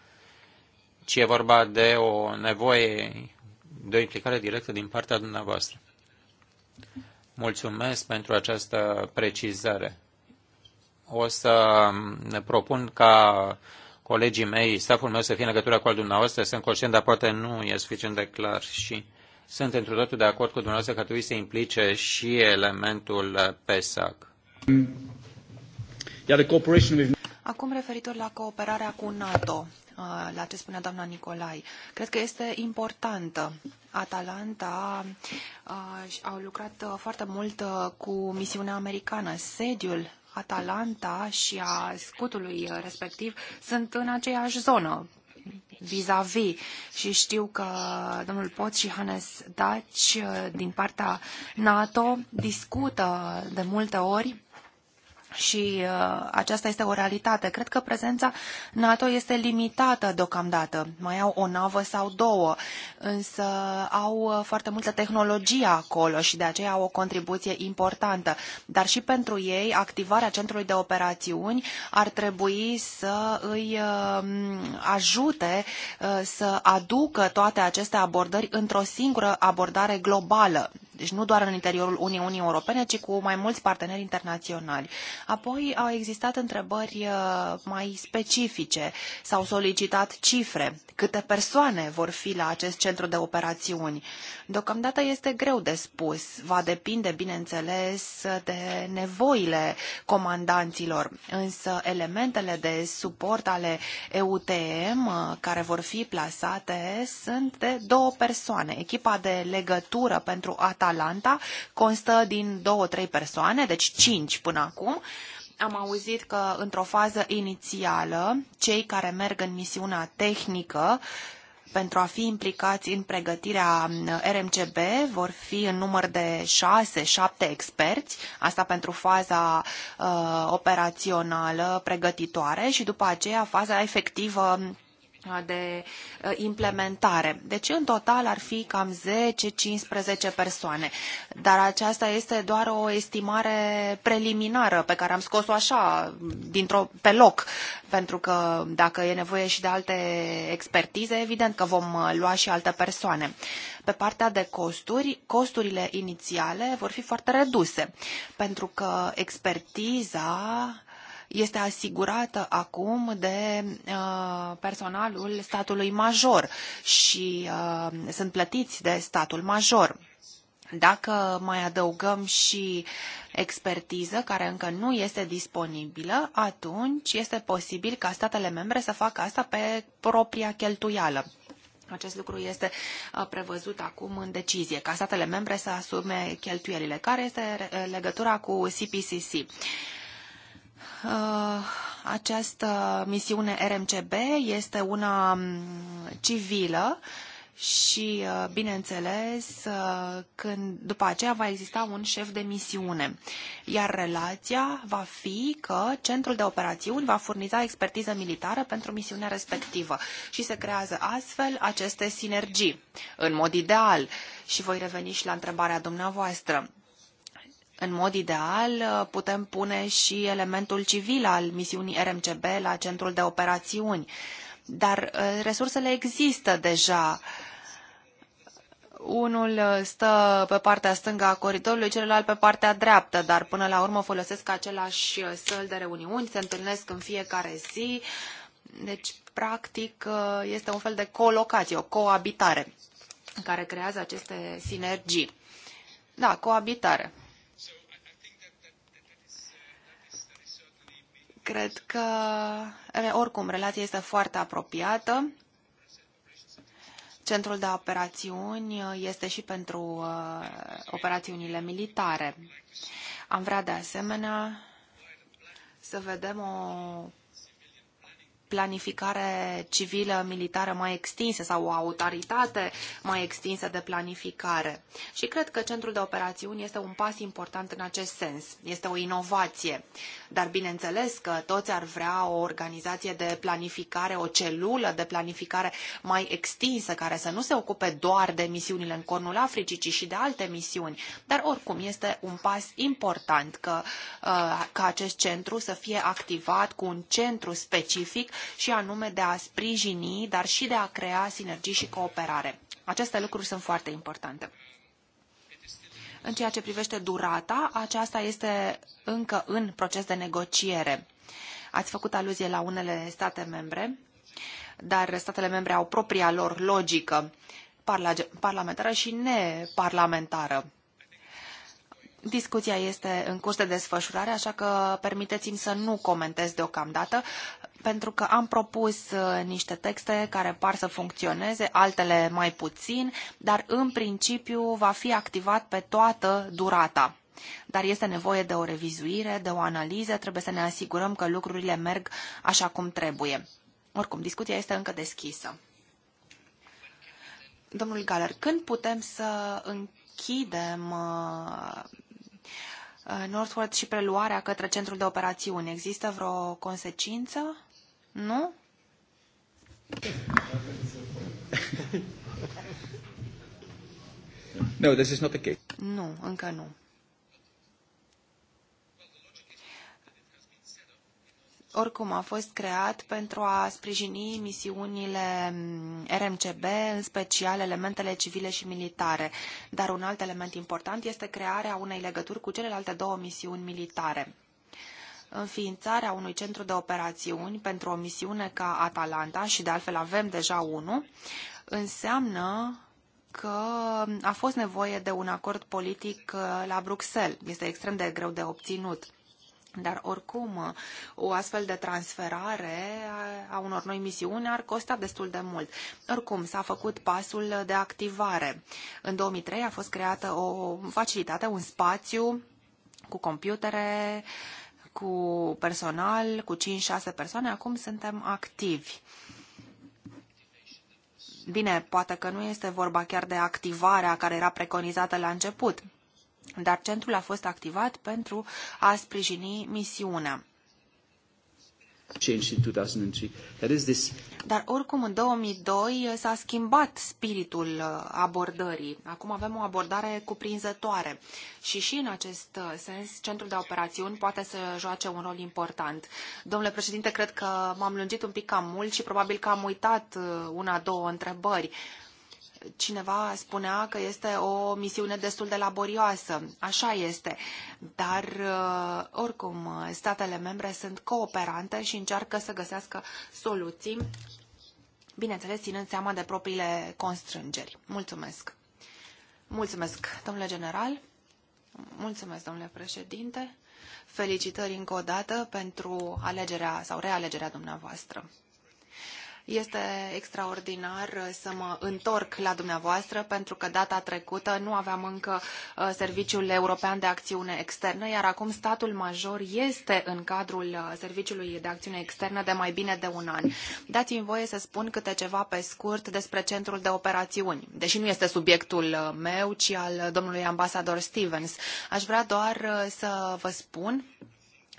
ci e vorba de o nevoie de o implicare directă din partea dumneavoastră. Mulțumesc pentru această precizare. O să um, ne propun ca colegii mei, staful meu să fie în legătură cu al dumneavoastră, sunt conștient, dar poate nu e suficient de clar și sunt într totul de acord cu dumneavoastră că trebuie să implice și elementul uh, PESAC. Yeah, the cooperation with... Acum, referitor la cooperarea cu NATO, uh, la ce spunea doamna Nicolai, cred că este importantă. Atalanta uh, au lucrat uh, foarte mult cu misiunea americană. Sediul Atalanta și a scutului respectiv sunt în aceeași zonă, vis-a-vis și știu că domnul Poț și Hannes Daci din partea NATO discută de multe ori și uh, aceasta este o realitate. Cred că prezența NATO este limitată deocamdată. Mai au o navă sau două, însă au uh, foarte multă tehnologie acolo și de aceea au o contribuție importantă. Dar și pentru ei, activarea centrului de operațiuni ar trebui să îi uh, ajute uh, să aducă toate aceste abordări într-o singură abordare globală deci nu doar în interiorul Uniunii Europene, ci cu mai mulți parteneri internaționali. Apoi au existat întrebări uh, mai specifice. S-au solicitat cifre. Câte persoane vor fi la acest centru de operațiuni? Deocamdată este greu de spus. Va depinde, bineînțeles, de nevoile comandanților. Însă elementele de suport ale EUTM uh, care vor fi plasate sunt de două persoane. Echipa de legătură pentru Atalanta constă din două, trei persoane, deci cinci până acum, am auzit că într-o fază inițială, cei care merg în misiunea tehnică pentru a fi implicați în pregătirea uh, RMCB vor fi în număr de 6-7 experți, asta pentru faza uh, operațională pregătitoare și după aceea faza efectivă de uh, implementare. Deci, în total, ar fi cam 10-15 persoane. Dar aceasta este doar o estimare preliminară pe care am scos-o așa, dintr-o, pe loc, pentru că dacă e nevoie și de alte expertize, evident că vom uh, lua și alte persoane. Pe partea de costuri, costurile inițiale vor fi foarte reduse, pentru că expertiza este asigurată acum de uh, personalul statului major și uh, sunt plătiți de statul major. Dacă mai adăugăm și expertiză care încă nu este disponibilă, atunci este posibil ca statele membre să facă asta pe propria cheltuială. Acest lucru este uh, prevăzut acum în decizie, ca statele membre să asume cheltuielile. Care este legătura cu CPCC? Uh, această misiune RMCB este una um, civilă și, uh, bineînțeles, uh, când, după aceea va exista un șef de misiune. Iar relația va fi că centrul de operațiuni va furniza expertiză militară pentru misiunea respectivă și se creează astfel aceste sinergii, în mod ideal. Și voi reveni și la întrebarea dumneavoastră. În mod ideal, putem pune și elementul civil al misiunii RMCB la centrul de operațiuni, dar uh, resursele există deja unul uh, stă pe partea stângă a coridorului, celălalt pe partea dreaptă, dar până la urmă folosesc același uh, săl de reuniuni, se întâlnesc în fiecare zi. Deci, practic, este un fel de colocație, o coabitare care creează aceste sinergii. Da, coabitare. Cred că, oricum, relația este foarte apropiată. Centrul de operațiuni uh, este și pentru uh, operațiunile militare. Am vrea, de asemenea, să vedem o planificare civilă militară mai extinsă sau o autoritate mai extinsă de planificare. Și cred că centrul de operațiuni este un pas important în acest sens. Este o inovație. Dar bineînțeles că toți ar vrea o organizație de planificare, o celulă de planificare mai extinsă, care să nu se ocupe doar de misiunile în Cornul Africii, ci și de alte misiuni. Dar oricum este un pas important că, uh, ca acest centru să fie activat cu un centru specific și anume de a sprijini, dar și de a crea sinergii și cooperare. Aceste lucruri sunt foarte importante. În ceea ce privește durata, aceasta este încă în proces de negociere. Ați făcut aluzie la unele state membre, dar statele membre au propria lor logică parlamentară și neparlamentară. Discuția este în curs de desfășurare, așa că permiteți-mi să nu comentez deocamdată, pentru că am propus uh, niște texte care par să funcționeze, altele mai puțin, dar în principiu va fi activat pe toată durata. Dar este nevoie de o revizuire, de o analiză, trebuie să ne asigurăm că lucrurile merg așa cum trebuie. Oricum, discuția este încă deschisă. Domnul Galer, când putem să închidem uh, uh, Northward și preluarea către centrul de operațiuni? Există vreo consecință? Nu? No, this is not the case. Nu, încă nu. oricum a fost creat pentru a sprijini misiunile RMCB, în special elementele civile și militare. Dar un alt element important este crearea unei legături cu celelalte două misiuni militare înființarea unui centru de operațiuni pentru o misiune ca Atalanta, și de altfel avem deja unul, înseamnă că a fost nevoie de un acord politic uh, la Bruxelles. Este extrem de greu de obținut. Dar oricum, o astfel de transferare a unor noi misiuni ar costa destul de mult. Oricum, s-a făcut pasul de activare. În 2003 a fost creată o facilitate, un spațiu cu computere, cu personal, cu 5-6 persoane, acum suntem activi. Bine, poate că nu este vorba chiar de activarea care era preconizată la început, dar centrul a fost activat pentru a sprijini misiunea changed in 2003. That is this. Dar oricum în 2002 eh, s-a schimbat spiritul eh, abordării. Acum avem o abordare cuprinzătoare și și în acest eh, sens centrul de operațiuni poate să joace un rol important. Domnule președinte, cred că m-am lungit un pic cam mult și probabil că am uitat una, două întrebări. Cineva spunea că este o misiune destul de laborioasă. Așa este. Dar, uh, oricum, statele membre sunt cooperante și încearcă să găsească soluții, bineînțeles, ținând seama de propriile constrângeri. Mulțumesc. Mulțumesc, domnule general. Mulțumesc, domnule președinte. Felicitări încă o dată pentru alegerea sau realegerea dumneavoastră. Este extraordinar să mă întorc la dumneavoastră pentru că data trecută nu aveam încă uh, Serviciul European de Acțiune Externă, iar acum statul major este în cadrul uh, Serviciului de Acțiune Externă de mai bine de un an. Dați-mi voie să spun câte ceva pe scurt despre Centrul de Operațiuni, deși nu este subiectul uh, meu, ci al domnului ambasador Stevens. Aș vrea doar să vă spun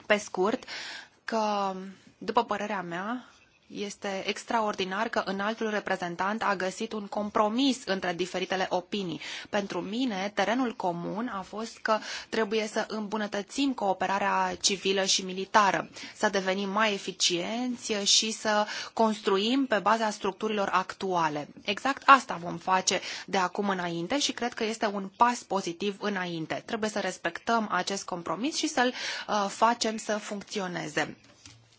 pe scurt că, după părerea mea, este extraordinar că înaltul reprezentant a găsit un compromis între diferitele opinii. Pentru mine, terenul comun a fost că trebuie să îmbunătățim cooperarea civilă și militară, să devenim mai eficienți și să construim pe baza structurilor actuale. Exact asta vom face de acum înainte și cred că este un pas pozitiv înainte. Trebuie să respectăm acest compromis și să-l uh, facem să funcționeze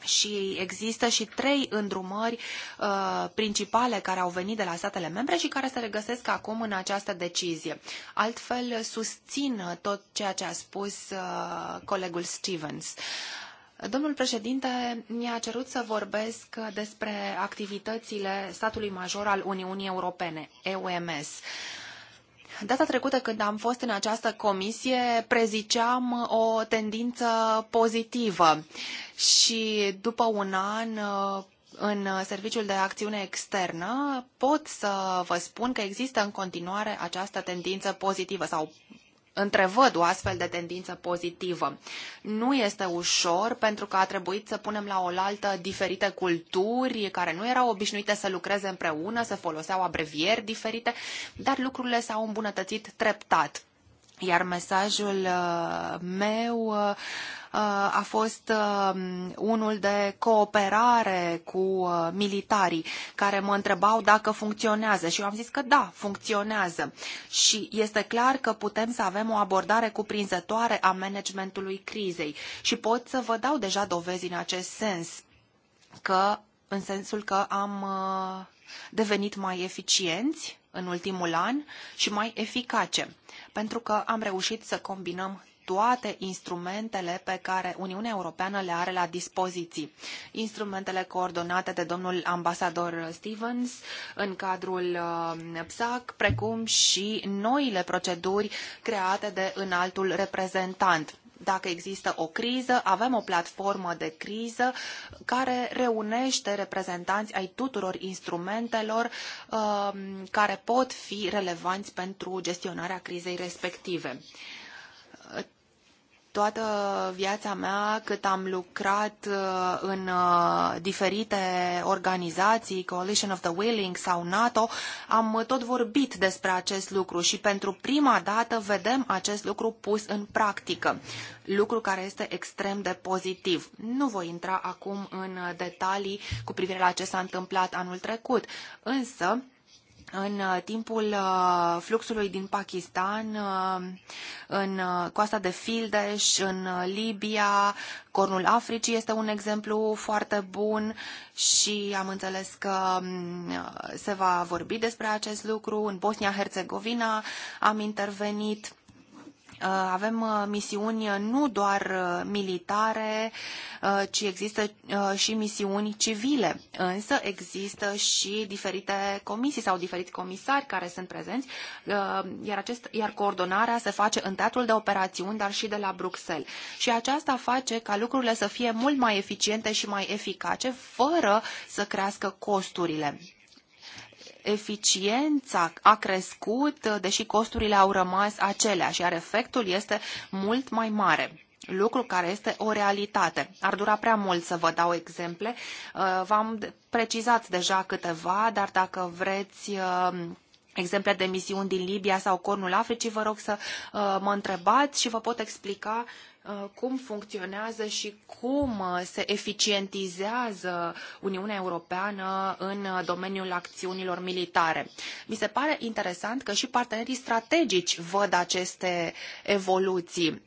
și există și trei îndrumări uh, principale care au venit de la statele membre și care se regăsesc acum în această decizie. Altfel, susțin tot ceea ce a spus uh, colegul Stevens. Domnul președinte mi-a cerut să vorbesc despre activitățile statului major al Uniunii Europene, EUMS. Uh, Data trecută când am fost în această comisie, preziceam o tendință pozitivă și după un an uh, în Serviciul de Acțiune Externă pot să vă spun că există în continuare această tendință pozitivă sau întrevăd o astfel de tendință pozitivă. Nu este ușor pentru că a trebuit să punem la oaltă diferite culturi care nu erau obișnuite să lucreze împreună, să foloseau abrevieri diferite, dar lucrurile s-au îmbunătățit treptat. Iar mesajul uh, meu uh, a fost uh, unul de cooperare cu militarii care mă întrebau dacă funcționează și eu am zis că da, funcționează. Și este clar că putem să avem o abordare cuprinzătoare a managementului crizei și pot să vă dau deja dovezi în acest sens, că, în sensul că am devenit mai eficienți în ultimul an și mai eficace, pentru că am reușit să combinăm toate instrumentele pe care Uniunea Europeană le are la dispoziții. Instrumentele coordonate de domnul ambasador Stevens în cadrul uh, PSAC, precum și noile proceduri create de înaltul reprezentant dacă există o criză, avem o platformă de criză care reunește reprezentanți ai tuturor instrumentelor um, care pot fi relevanți pentru gestionarea crizei respective toată viața mea cât am lucrat uh, în uh, diferite organizații, Coalition of the Willing sau NATO, am tot vorbit despre acest lucru și pentru prima dată vedem acest lucru pus în practică, lucru care este extrem de pozitiv. Nu voi intra acum în detalii cu privire la ce s-a întâmplat anul trecut, însă în uh, timpul uh, fluxului din Pakistan, uh, în coasta de Fildeș, în Libia, Cornul Africii este un exemplu foarte bun și am înțeles că um, se va vorbi despre acest lucru. În Bosnia-Herzegovina am intervenit Uh, avem uh, misiuni uh, nu doar militare, ci există și misiuni civile. Însă există și diferite comisii sau diferiți comisari care sunt prezenți, iar, acest, iar coordonarea se face în teatrul de operațiuni, dar și de la Bruxelles. Și aceasta face ca lucrurile să fie mult mai eficiente și mai eficace, fără să crească costurile eficiența a crescut, deși costurile au rămas aceleași, iar efectul este mult mai mare lucru care este o realitate. Ar dura prea mult să vă dau exemple. Uh, v-am precizat deja câteva, dar dacă vreți uh, exemple de misiuni din Libia sau Cornul Africii, vă rog să uh, mă întrebați și vă pot explica Uh, cum funcționează și cum uh, se eficientizează Uniunea Europeană în uh, domeniul acțiunilor militare. Mi se pare interesant că și partenerii strategici văd aceste evoluții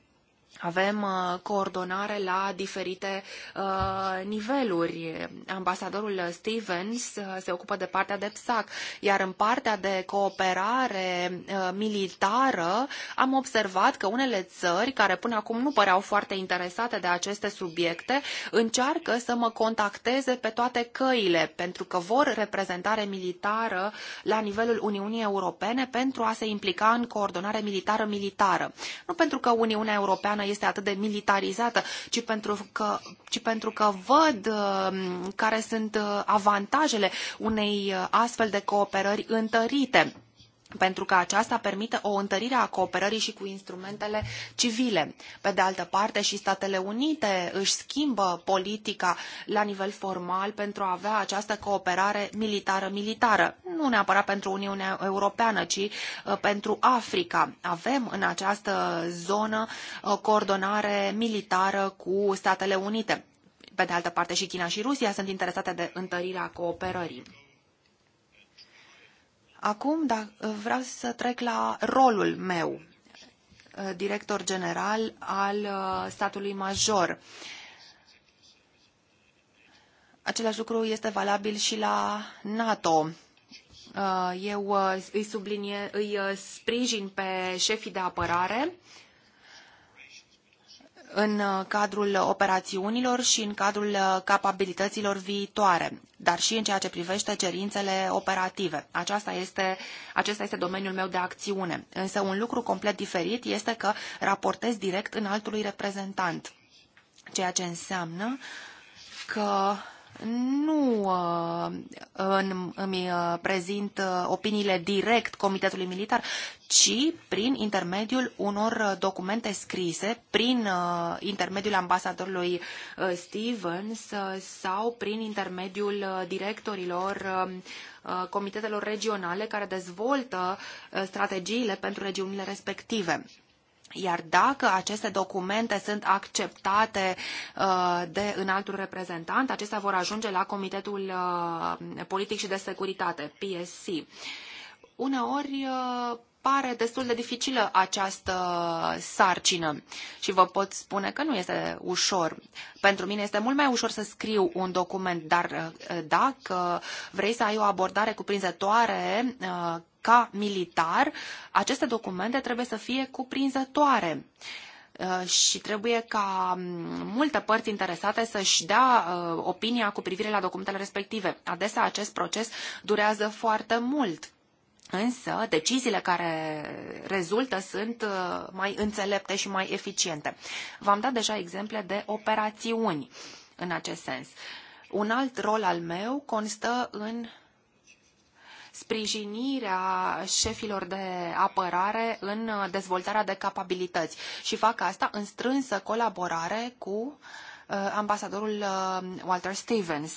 avem uh, coordonare la diferite uh, niveluri. Ambasadorul Stevens uh, se ocupă de partea de PSAC, iar în partea de cooperare uh, militară am observat că unele țări care până acum nu păreau foarte interesate de aceste subiecte încearcă să mă contacteze pe toate căile pentru că vor reprezentare militară la nivelul Uniunii Europene pentru a se implica în coordonare militară-militară. Nu pentru că Uniunea Europeană zonă este atât de militarizată, ci pentru că, ci pentru că văd um, care sunt uh, avantajele unei uh, astfel de cooperări întărite pentru că aceasta permite o întărire a cooperării și cu instrumentele civile. Pe de altă parte, și Statele Unite își schimbă politica la nivel formal pentru a avea această cooperare militară-militară. Nu neapărat pentru Uniunea Europeană, ci uh, pentru Africa. Avem în această zonă uh, coordonare militară cu Statele Unite. Pe de altă parte, și China și Rusia sunt interesate de întărirea cooperării. Acum da, vreau să trec la rolul meu, uh, director general al uh, statului major. Același lucru este valabil și la NATO. Uh, eu îi, sublinie, îi sprijin pe șefii de apărare în uh, cadrul operațiunilor și în cadrul uh, capabilităților viitoare, dar și în ceea ce privește cerințele operative. Aceasta este, acesta este domeniul meu de acțiune. Însă un lucru complet diferit este că raportez direct în altului reprezentant, ceea ce înseamnă că nu uh, îmi uh, prezint uh, opiniile direct Comitetului Militar, ci prin intermediul unor documente scrise, prin intermediul ambasadorului Stevens sau prin intermediul directorilor comitetelor regionale care dezvoltă strategiile pentru regiunile respective. Iar dacă aceste documente sunt acceptate uh, de înaltul reprezentant, acestea vor ajunge la Comitetul uh, Politic și de Securitate, PSC. Uneori uh, pare destul de dificilă această sarcină și vă pot spune că nu este ușor. Pentru mine este mult mai ușor să scriu un document, dar dacă vrei să ai o abordare cuprinzătoare ca militar, aceste documente trebuie să fie cuprinzătoare uh, și trebuie ca mm, multe părți interesate să-și dea uh, opinia cu privire la documentele respective. Adesea acest proces durează foarte mult. Însă, deciziile care rezultă sunt uh, mai înțelepte și mai eficiente. V-am dat deja exemple de operațiuni în acest sens. Un alt rol al meu constă în sprijinirea șefilor de apărare în dezvoltarea de capabilități și fac asta în strânsă colaborare cu uh, ambasadorul uh, Walter Stevens,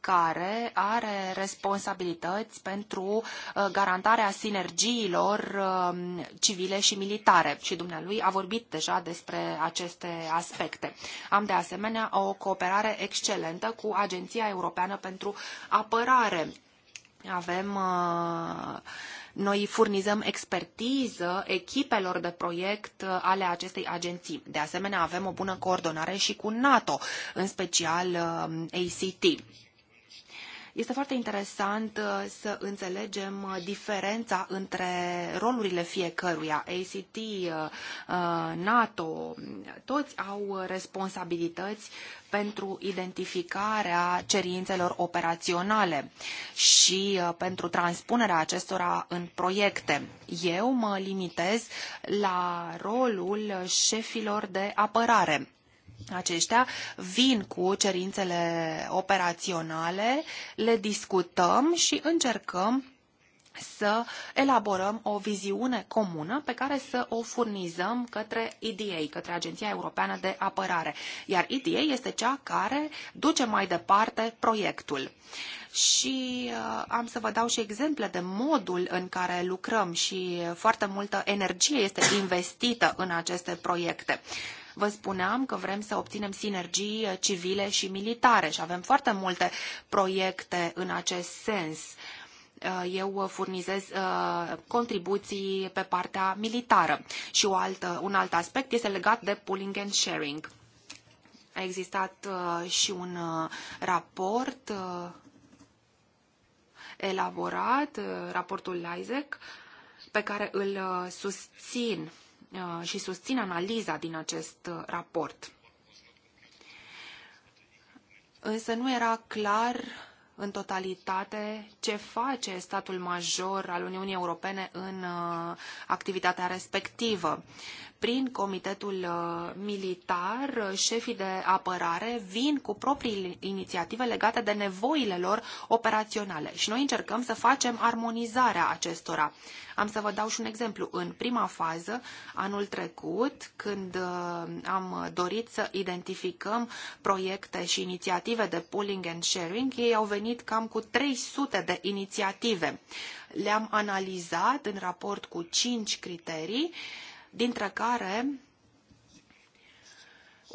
care are responsabilități pentru uh, garantarea sinergiilor um, civile și militare și dumnealui a vorbit deja despre aceste aspecte. Am de asemenea o cooperare excelentă cu Agenția Europeană pentru Apărare, avem, uh, noi furnizăm expertiză echipelor de proiect uh, ale acestei agenții. De asemenea, avem o bună coordonare și cu NATO, în special uh, ACT. Este foarte interesant uh, să înțelegem uh, diferența între rolurile fiecăruia. ACT, uh, NATO, toți au responsabilități pentru identificarea cerințelor operaționale și pentru transpunerea acestora în proiecte. Eu mă limitez la rolul șefilor de apărare aceștia vin cu cerințele operaționale, le discutăm și încercăm să elaborăm o viziune comună pe care să o furnizăm către EDA, către Agenția Europeană de Apărare. Iar EDA este cea care duce mai departe proiectul. Și uh, am să vă dau și exemple de modul în care lucrăm și foarte multă energie este investită în aceste proiecte. Vă spuneam că vrem să obținem sinergii eh, civile și militare și avem foarte multe proiecte în acest sens eh, eu furnizez eh, contribuții pe partea militară. Și o altă, un alt aspect este legat de pooling and sharing. A existat și un raport elaborat, raportul Isaac, pe care îl susțin Uh, și susțin analiza din acest uh, raport. Însă nu era clar în totalitate ce face statul major al Uniunii Europene în uh, activitatea respectivă prin Comitetul uh, Militar, uh, șefii de apărare vin cu proprii inițiative legate de nevoile lor operaționale și noi încercăm să facem armonizarea acestora. Am să vă dau și un exemplu. În prima fază, anul trecut, când uh, am dorit să identificăm proiecte și inițiative de pooling and sharing, ei au venit cam cu 300 de inițiative. Le-am analizat în raport cu 5 criterii dintre care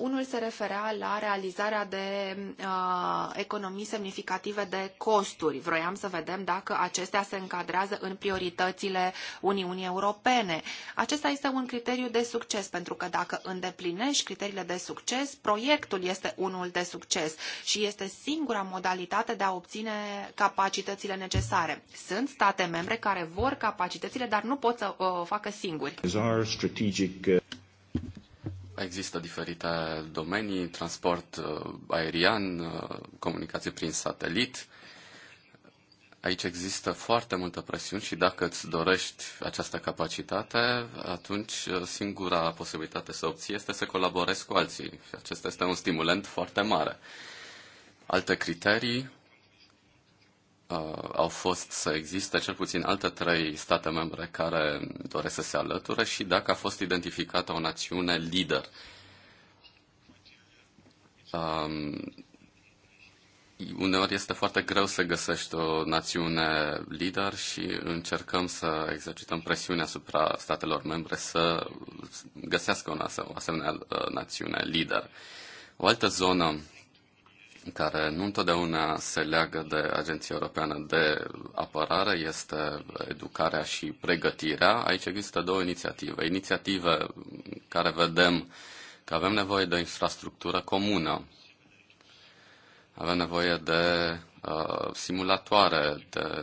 unul se referea la realizarea de uh, economii semnificative de costuri. Vroiam să vedem dacă acestea se încadrează în prioritățile Uniunii Europene. Acesta este un criteriu de succes, pentru că dacă îndeplinești criteriile de succes, proiectul este unul de succes și este singura modalitate de a obține capacitățile necesare. Sunt state membre care vor capacitățile, dar nu pot să o uh, facă singuri. Există diferite domenii, transport uh, aerian, uh, comunicații prin satelit. Aici există foarte multă presiune și dacă îți dorești această capacitate, atunci uh, singura posibilitate să obții este să colaborezi cu alții. Și acesta este un stimulant foarte mare. Alte criterii Uh, au fost să existe cel puțin alte trei state membre care doresc să se alăture și dacă a fost identificată o națiune lider. Um, uneori este foarte greu să găsești o națiune lider și încercăm să exercităm presiune asupra statelor membre să găsească o asemenea uh, națiune lider. O altă zonă care nu întotdeauna se leagă de Agenția Europeană de Apărare este educarea și pregătirea. Aici există două inițiative. Inițiative care vedem că avem nevoie de infrastructură comună. Avem nevoie de uh, simulatoare, de,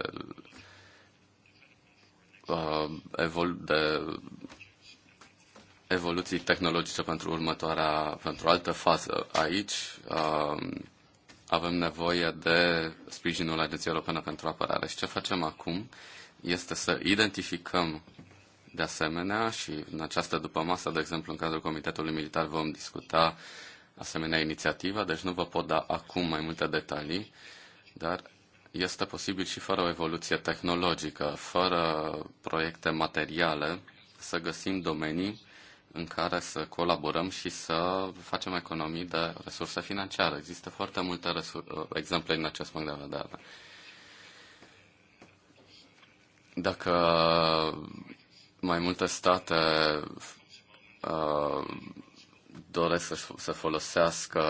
uh, evol- de evoluții tehnologice pentru următoarea, pentru altă fază. Aici, uh, avem nevoie de sprijinul Agenției Europene pentru Apărare. Și ce facem acum este să identificăm de asemenea și în această după masă, de exemplu, în cadrul Comitetului Militar vom discuta asemenea inițiativă, deci nu vă pot da acum mai multe detalii, dar este posibil și fără o evoluție tehnologică, fără proiecte materiale, să găsim domenii în care să colaborăm și să facem economii de resurse financiare. Există foarte multe uh, exemple în acest punct de vedere. Dacă mai multe state uh, doresc să, să folosească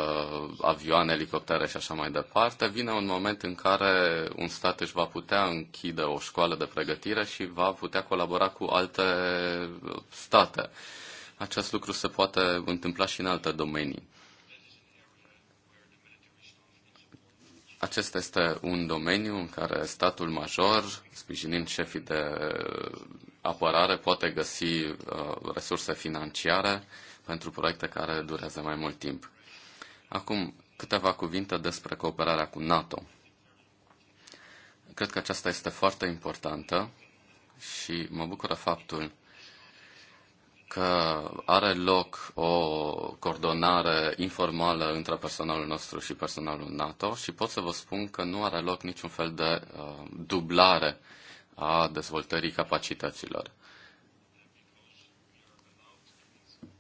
avioane, elicoptere și așa mai departe, vine un moment în care un stat își va putea închide o școală de pregătire și va putea colabora cu alte state. Uh, acest lucru se poate întâmpla și în alte domenii. Acesta este un domeniu în care statul major, sprijinind șefii de uh, apărare, poate găsi uh, resurse financiare pentru proiecte care durează mai mult timp. Acum, câteva cuvinte despre cooperarea cu NATO. Cred că aceasta este foarte importantă și mă bucură faptul că are loc o coordonare informală între personalul nostru și personalul NATO și pot să vă spun că nu are loc niciun fel de uh, dublare a dezvoltării capacităților.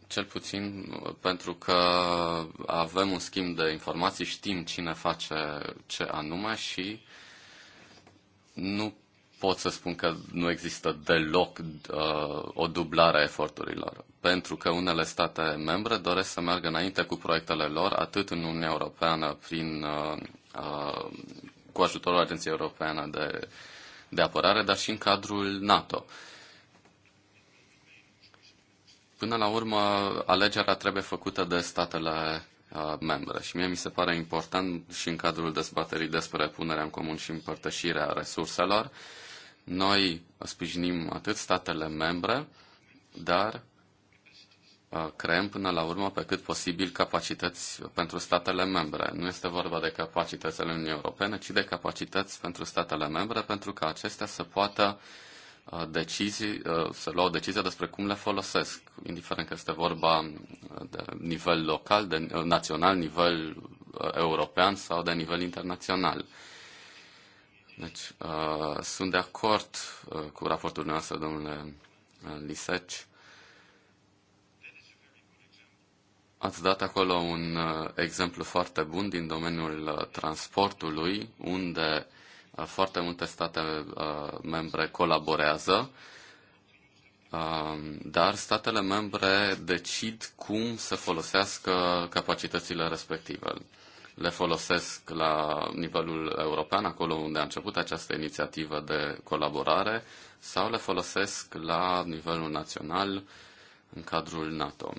Cel puțin uh, pentru că avem un schimb de informații, știm cine face ce anume și nu pot să spun că nu există deloc uh, o dublare a eforturilor, pentru că unele state membre doresc să meargă înainte cu proiectele lor, atât în Uniunea Europeană, prin, uh, uh, cu ajutorul Agenției Europeană de, de Apărare, dar și în cadrul NATO. Până la urmă, alegerea trebuie făcută de statele uh, membre Și mie mi se pare important și în cadrul dezbaterii despre punerea în comun și împărtășirea resurselor, noi sprijinim atât statele membre, dar uh, creăm până la urmă pe cât posibil capacități pentru statele membre. Nu este vorba de capacitățile Uniunii Europene, ci de capacități pentru statele membre, pentru că acestea să poată uh, decizii, uh, să lua o decizie despre cum le folosesc, indiferent că este vorba de nivel local, de național, nivel european sau de nivel internațional. Deci, uh, sunt de acord uh, cu raportul dumneavoastră, domnule uh, Liseci. Ați dat acolo un uh, exemplu foarte bun din domeniul uh, transportului, unde uh, foarte multe state uh, membre colaborează, uh, dar statele membre decid cum să folosească capacitățile respective le folosesc la nivelul european, acolo unde a început această inițiativă de colaborare, sau le folosesc la nivelul național, în cadrul NATO.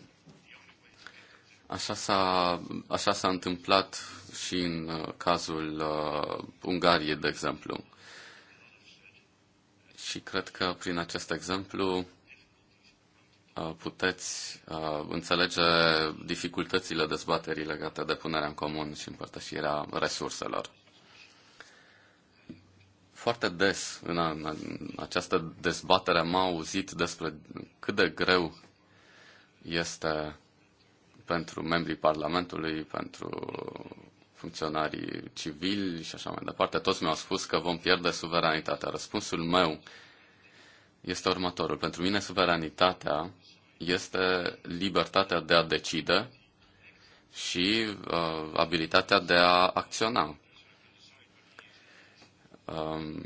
Așa s-a, așa s-a întâmplat și în uh, cazul uh, Ungariei, de exemplu. Și cred că prin acest exemplu Uh, puteți uh, înțelege dificultățile dezbaterii legate de punerea în comun și împărtășirea resurselor. Foarte des în, această dezbatere am auzit despre cât de greu este pentru membrii Parlamentului, pentru funcționarii civili și așa mai departe. Toți mi-au spus că vom pierde suveranitatea. Răspunsul meu este următorul. Pentru mine suveranitatea este libertatea de a decide și uh, abilitatea de a acționa. Um,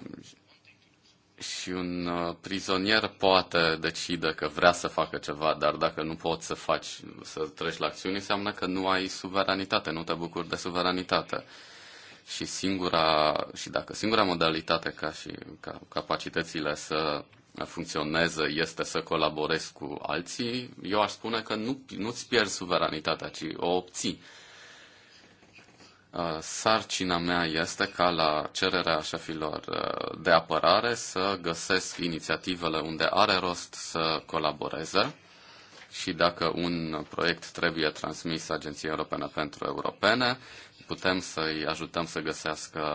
și un uh, prizonier poate decide că vrea să facă ceva, dar dacă nu poți să faci, să treci la acțiuni, înseamnă că nu ai suveranitate, nu te bucuri de suveranitate. Și singura, și dacă singura modalitate ca și ca capacitățile să funcționeze este să colaborezi cu alții, eu aș spune că nu, nu-ți pierzi suveranitatea, ci o obții. Uh, sarcina mea este ca la cererea șefilor uh, de apărare să găsesc inițiativele unde are rost să colaboreze și dacă un proiect trebuie transmis Agenției Europene pentru Europene, putem să-i ajutăm să găsească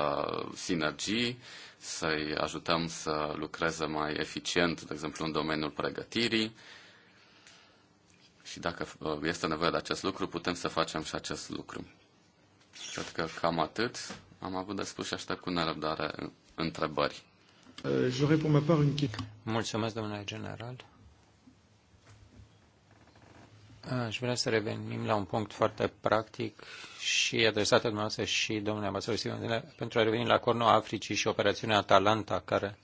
sinergii, să-i ajutăm să lucreze mai eficient, de exemplu, în domeniul pregătirii. Și dacă uh, este nevoie de acest lucru, putem să facem și acest lucru. Cred că cam atât am avut de spus și aștept cu nerăbdare uh, întrebări. Uh, Mulțumesc, domnule general. Aș vrea să revenim la un punct foarte practic și adresat dumneavoastră și domnule ambasador pentru a reveni la Cornul Africii și operațiunea Atalanta, care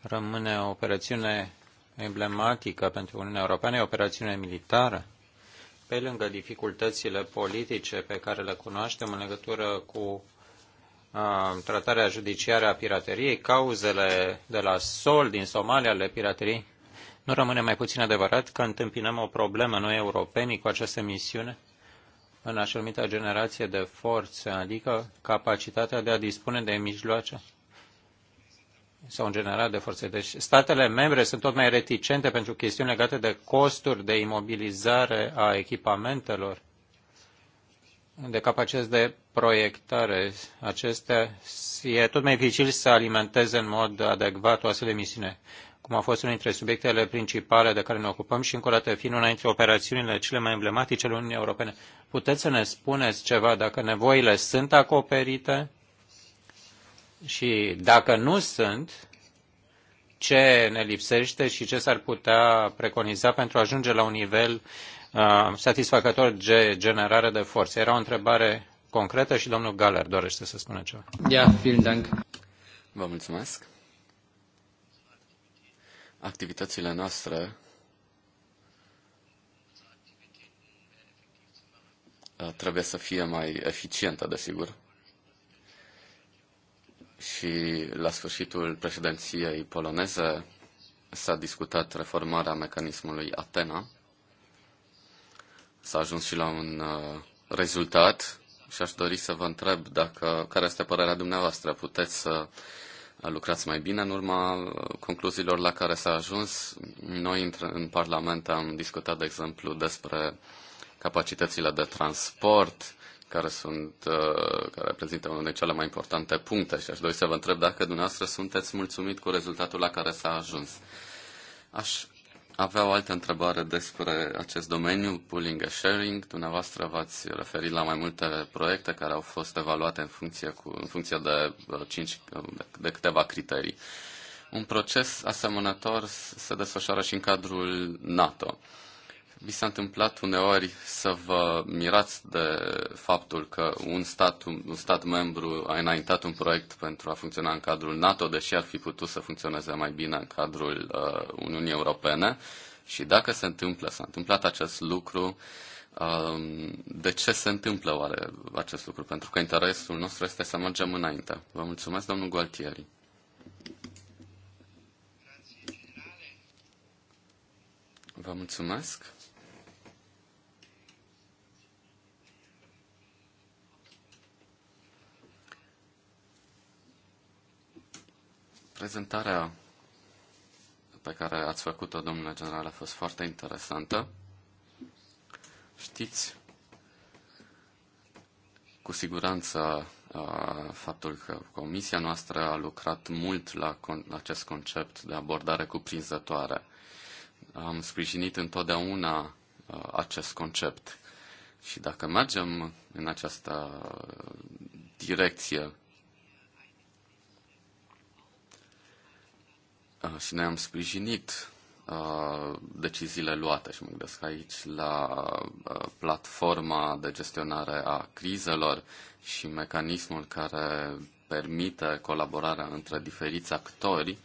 rămâne o operațiune emblematică pentru Uniunea Europeană, e o operațiune militară. Pe lângă dificultățile politice pe care le cunoaștem în legătură cu a, tratarea judiciară a pirateriei, cauzele de la sol din Somalia ale pirateriei, nu rămâne mai puțin adevărat că întâmpinăm o problemă noi europenii cu această misiune în așa numită generație de forțe, adică capacitatea de a dispune de mijloace sau în general de forțe. Deci statele membre sunt tot mai reticente pentru chestiuni legate de costuri de imobilizare a echipamentelor, de capacități de proiectare. Acestea e tot mai dificil să alimenteze în mod adecvat o astfel de misiune cum a fost unul dintre subiectele principale de care ne ocupăm și încă o dată fiind una dintre operațiunile cele mai emblematice ale Uniunii Europene. Puteți să ne spuneți ceva dacă nevoile sunt acoperite și dacă nu sunt, ce ne lipsește și ce s-ar putea preconiza pentru a ajunge la un nivel uh, satisfăcător de generare de forțe. Era o întrebare concretă și domnul Galer dorește să spună ceva. yeah, vielen Dank. Vă mulțumesc activitățile noastre uh, trebuie să fie mai eficientă, desigur. Și la sfârșitul președinției poloneze s-a discutat reformarea mecanismului Atena. S-a ajuns și la un uh, rezultat și aș dori să vă întreb dacă, care este părerea dumneavoastră. Puteți să uh, lucrați mai bine în urma uh, concluziilor la care s-a ajuns. Noi în Parlament am discutat, de exemplu, despre capacitățile de transport, care sunt, uh, care reprezintă unul dintre cele mai importante puncte și aș dori să vă întreb dacă dumneavoastră sunteți mulțumit cu rezultatul la care s-a ajuns. Aș avea o altă întrebare despre acest domeniu, pooling and sharing. Dumneavoastră v-ați referit la mai multe proiecte care au fost evaluate în funcție, cu, în funcție de, uh, cinci, uh, de câteva criterii. Un proces asemănător se desfășoară și în cadrul NATO. Uh, vi s-a întâmplat uneori să vă mirați de faptul că un stat, un stat membru a înaintat un proiect pentru a funcționa în cadrul NATO, deși ar fi putut să funcționeze mai bine în cadrul uh, Uniunii Europene. Și dacă se întâmplă, s-a întâmplat acest lucru, uh, de ce se întâmplă oare acest lucru? Pentru că interesul nostru este să mergem înainte. Vă mulțumesc, domnul Gualtieri. Vă mulțumesc. Prezentarea pe care ați făcut-o, domnule general, a fost foarte interesantă. Știți cu siguranță faptul că comisia noastră a lucrat mult la, la acest concept de abordare cuprinzătoare. Am sprijinit întotdeauna acest concept. Și dacă mergem în această direcție Uh, și ne-am sprijinit uh, deciziile luate și mă gândesc aici la uh, platforma de gestionare a crizelor și mecanismul care permite colaborarea între diferiți actori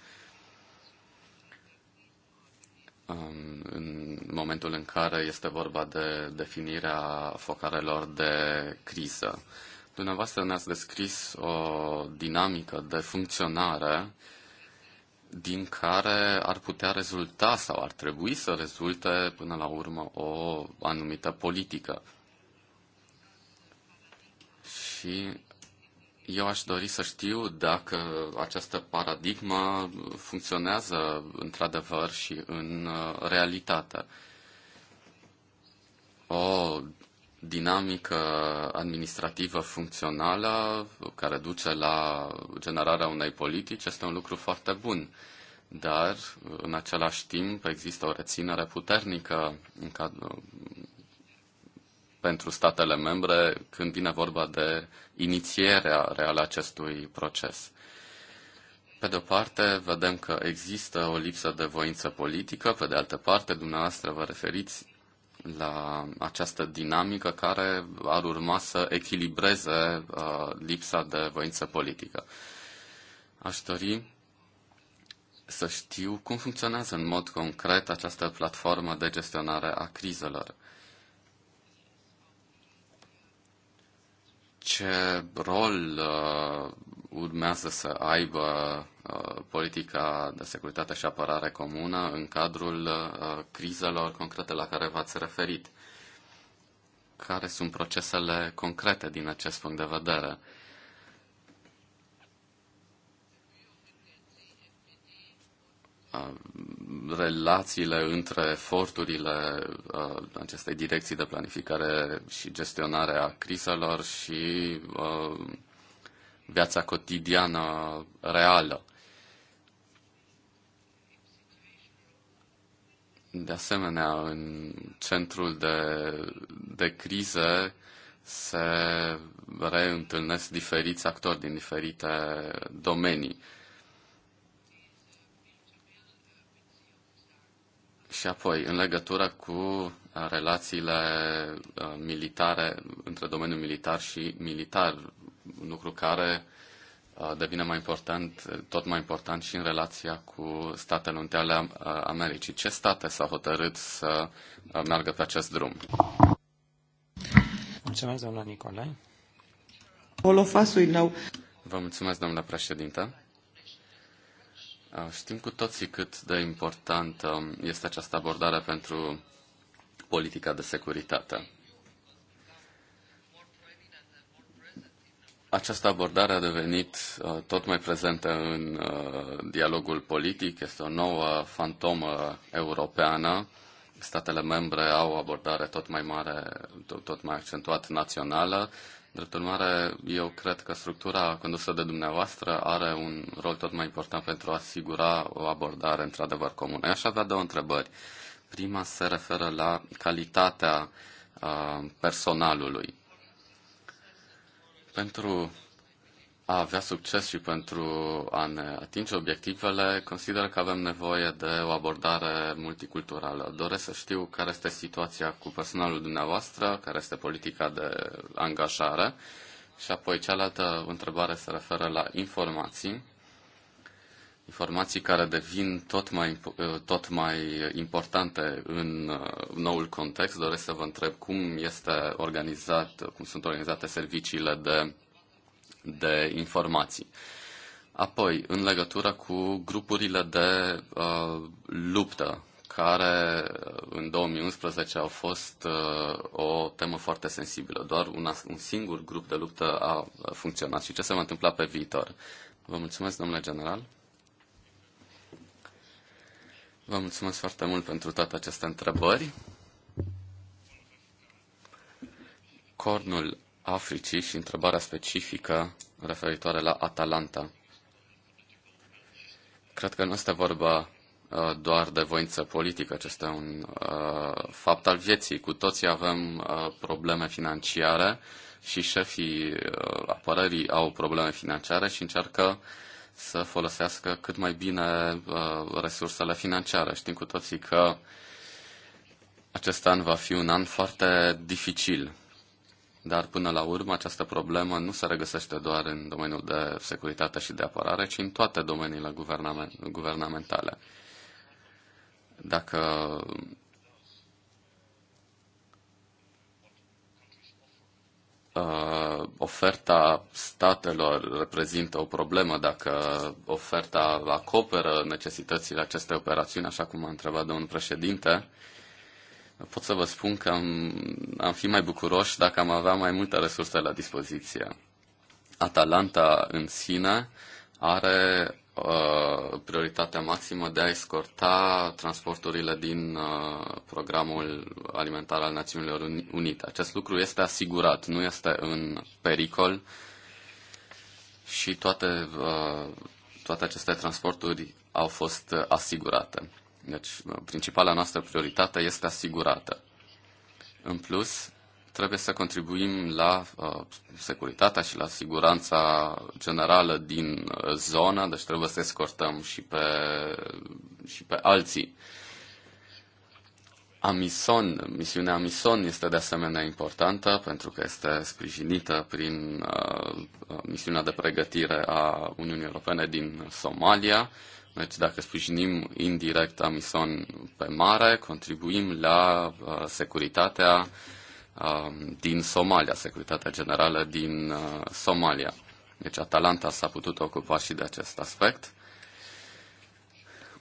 um, în momentul în care este vorba de definirea focarelor de criză. Dumneavoastră ne-ați descris o dinamică de funcționare din care ar putea rezulta sau ar trebui să rezulte până la urmă o anumită politică. Și eu aș dori să știu dacă această paradigmă funcționează într-adevăr și în uh, realitate. dinamică administrativă funcțională care duce la generarea unei politici este un lucru foarte bun, dar în același timp există o reținere puternică în cad- pentru statele membre când vine vorba de inițierea reală acestui proces. Pe de o parte, vedem că există o lipsă de voință politică, pe de altă parte, dumneavoastră vă referiți la această dinamică care ar urma să echilibreze uh, lipsa de voință politică. Aș dori să știu cum funcționează în mod concret această platformă de gestionare a crizelor. ce rol uh, urmează să aibă uh, politica de securitate și apărare comună în cadrul uh, crizelor concrete la care v-ați referit? Care sunt procesele concrete din acest punct de vedere? Uh, Um, relațiile între eforturile uh, acestei direcții de planificare și gestionare a crizelor și uh, viața cotidiană reală. De asemenea, în centrul de, de crize se reîntâlnesc diferiți actori din diferite domenii. Uh, Și apoi, în legătură cu uh, relațiile uh, militare, între domeniul militar și militar, un lucru care uh, devine mai important, tot mai important și în relația cu Statele Unite ale Americii. Ce state s-au hotărât să meargă pe acest drum? Mulțumesc, domnule Nicolae. Vă mulțumesc, domnule președinte. Uh, știm cu toții cât de importantă este această abordare pentru politica de securitate. Această abordare a devenit uh, tot mai prezentă în uh, dialogul politic, este o nouă fantomă europeană. Statele membre au o abordare tot mai mare, tot mai accentuat națională Drept urmare, eu cred că structura condusă de dumneavoastră are un rol tot mai important pentru a asigura o abordare într-adevăr comună. Aș avea două întrebări. Prima se referă la calitatea uh, personalului. Pentru a avea succes și pentru a ne atinge obiectivele, consider că avem nevoie de o abordare multiculturală. Doresc să știu care este situația cu personalul dumneavoastră, care este politica de angajare și apoi cealaltă întrebare se referă la informații informații care devin tot mai, eh, tot mai importante în eh, noul context. Doresc să vă întreb cum este organizat, cum sunt organizate serviciile de de informații. Apoi, în legătură cu grupurile de uh, luptă, care uh, în 2011 au fost uh, o temă foarte sensibilă. Doar una, un singur grup de luptă a funcționat. Și ce se va întâmpla pe viitor? Vă mulțumesc, domnule general. Vă mulțumesc foarte mult pentru toate aceste întrebări. Cornul Africii și întrebarea specifică referitoare la Atalanta. Cred că nu este vorba uh, doar de voință politică, Acesta este un uh, fapt al vieții. Cu toții avem uh, probleme financiare și șefii uh, apărării au probleme financiare și încearcă să folosească cât mai bine uh, resursele financiare. Știm cu toții că acest an va fi un an foarte dificil dar până la urmă această problemă nu se regăsește doar în domeniul de securitate și de apărare, ci în toate domeniile guvernamentale. Dacă uh, oferta statelor reprezintă o problemă, dacă oferta acoperă necesitățile acestei operațiuni, așa cum a întrebat domnul președinte, pot să vă spun că am, am fi mai bucuroși dacă am avea mai multe resurse la dispoziție. Atalanta în sine are uh, prioritatea maximă de a escorta transporturile din uh, programul alimentar al Națiunilor Unite. Acest lucru este asigurat, nu este în pericol și toate, uh, toate aceste transporturi au fost asigurate. Deci, principala noastră prioritate este asigurată. În plus, trebuie să contribuim la uh, securitatea și la siguranța generală din uh, zonă, deci trebuie să escortăm și pe, și pe alții. Amison, misiunea Amison este de asemenea importantă pentru că este sprijinită prin uh, uh misiunea de pregătire a Uniunii Europene din Somalia deci dacă sprijinim indirect Amison pe mare, contribuim la uh, securitatea uh, din Somalia, securitatea generală din uh, Somalia. Deci Atalanta s-a putut ocupa și de acest aspect.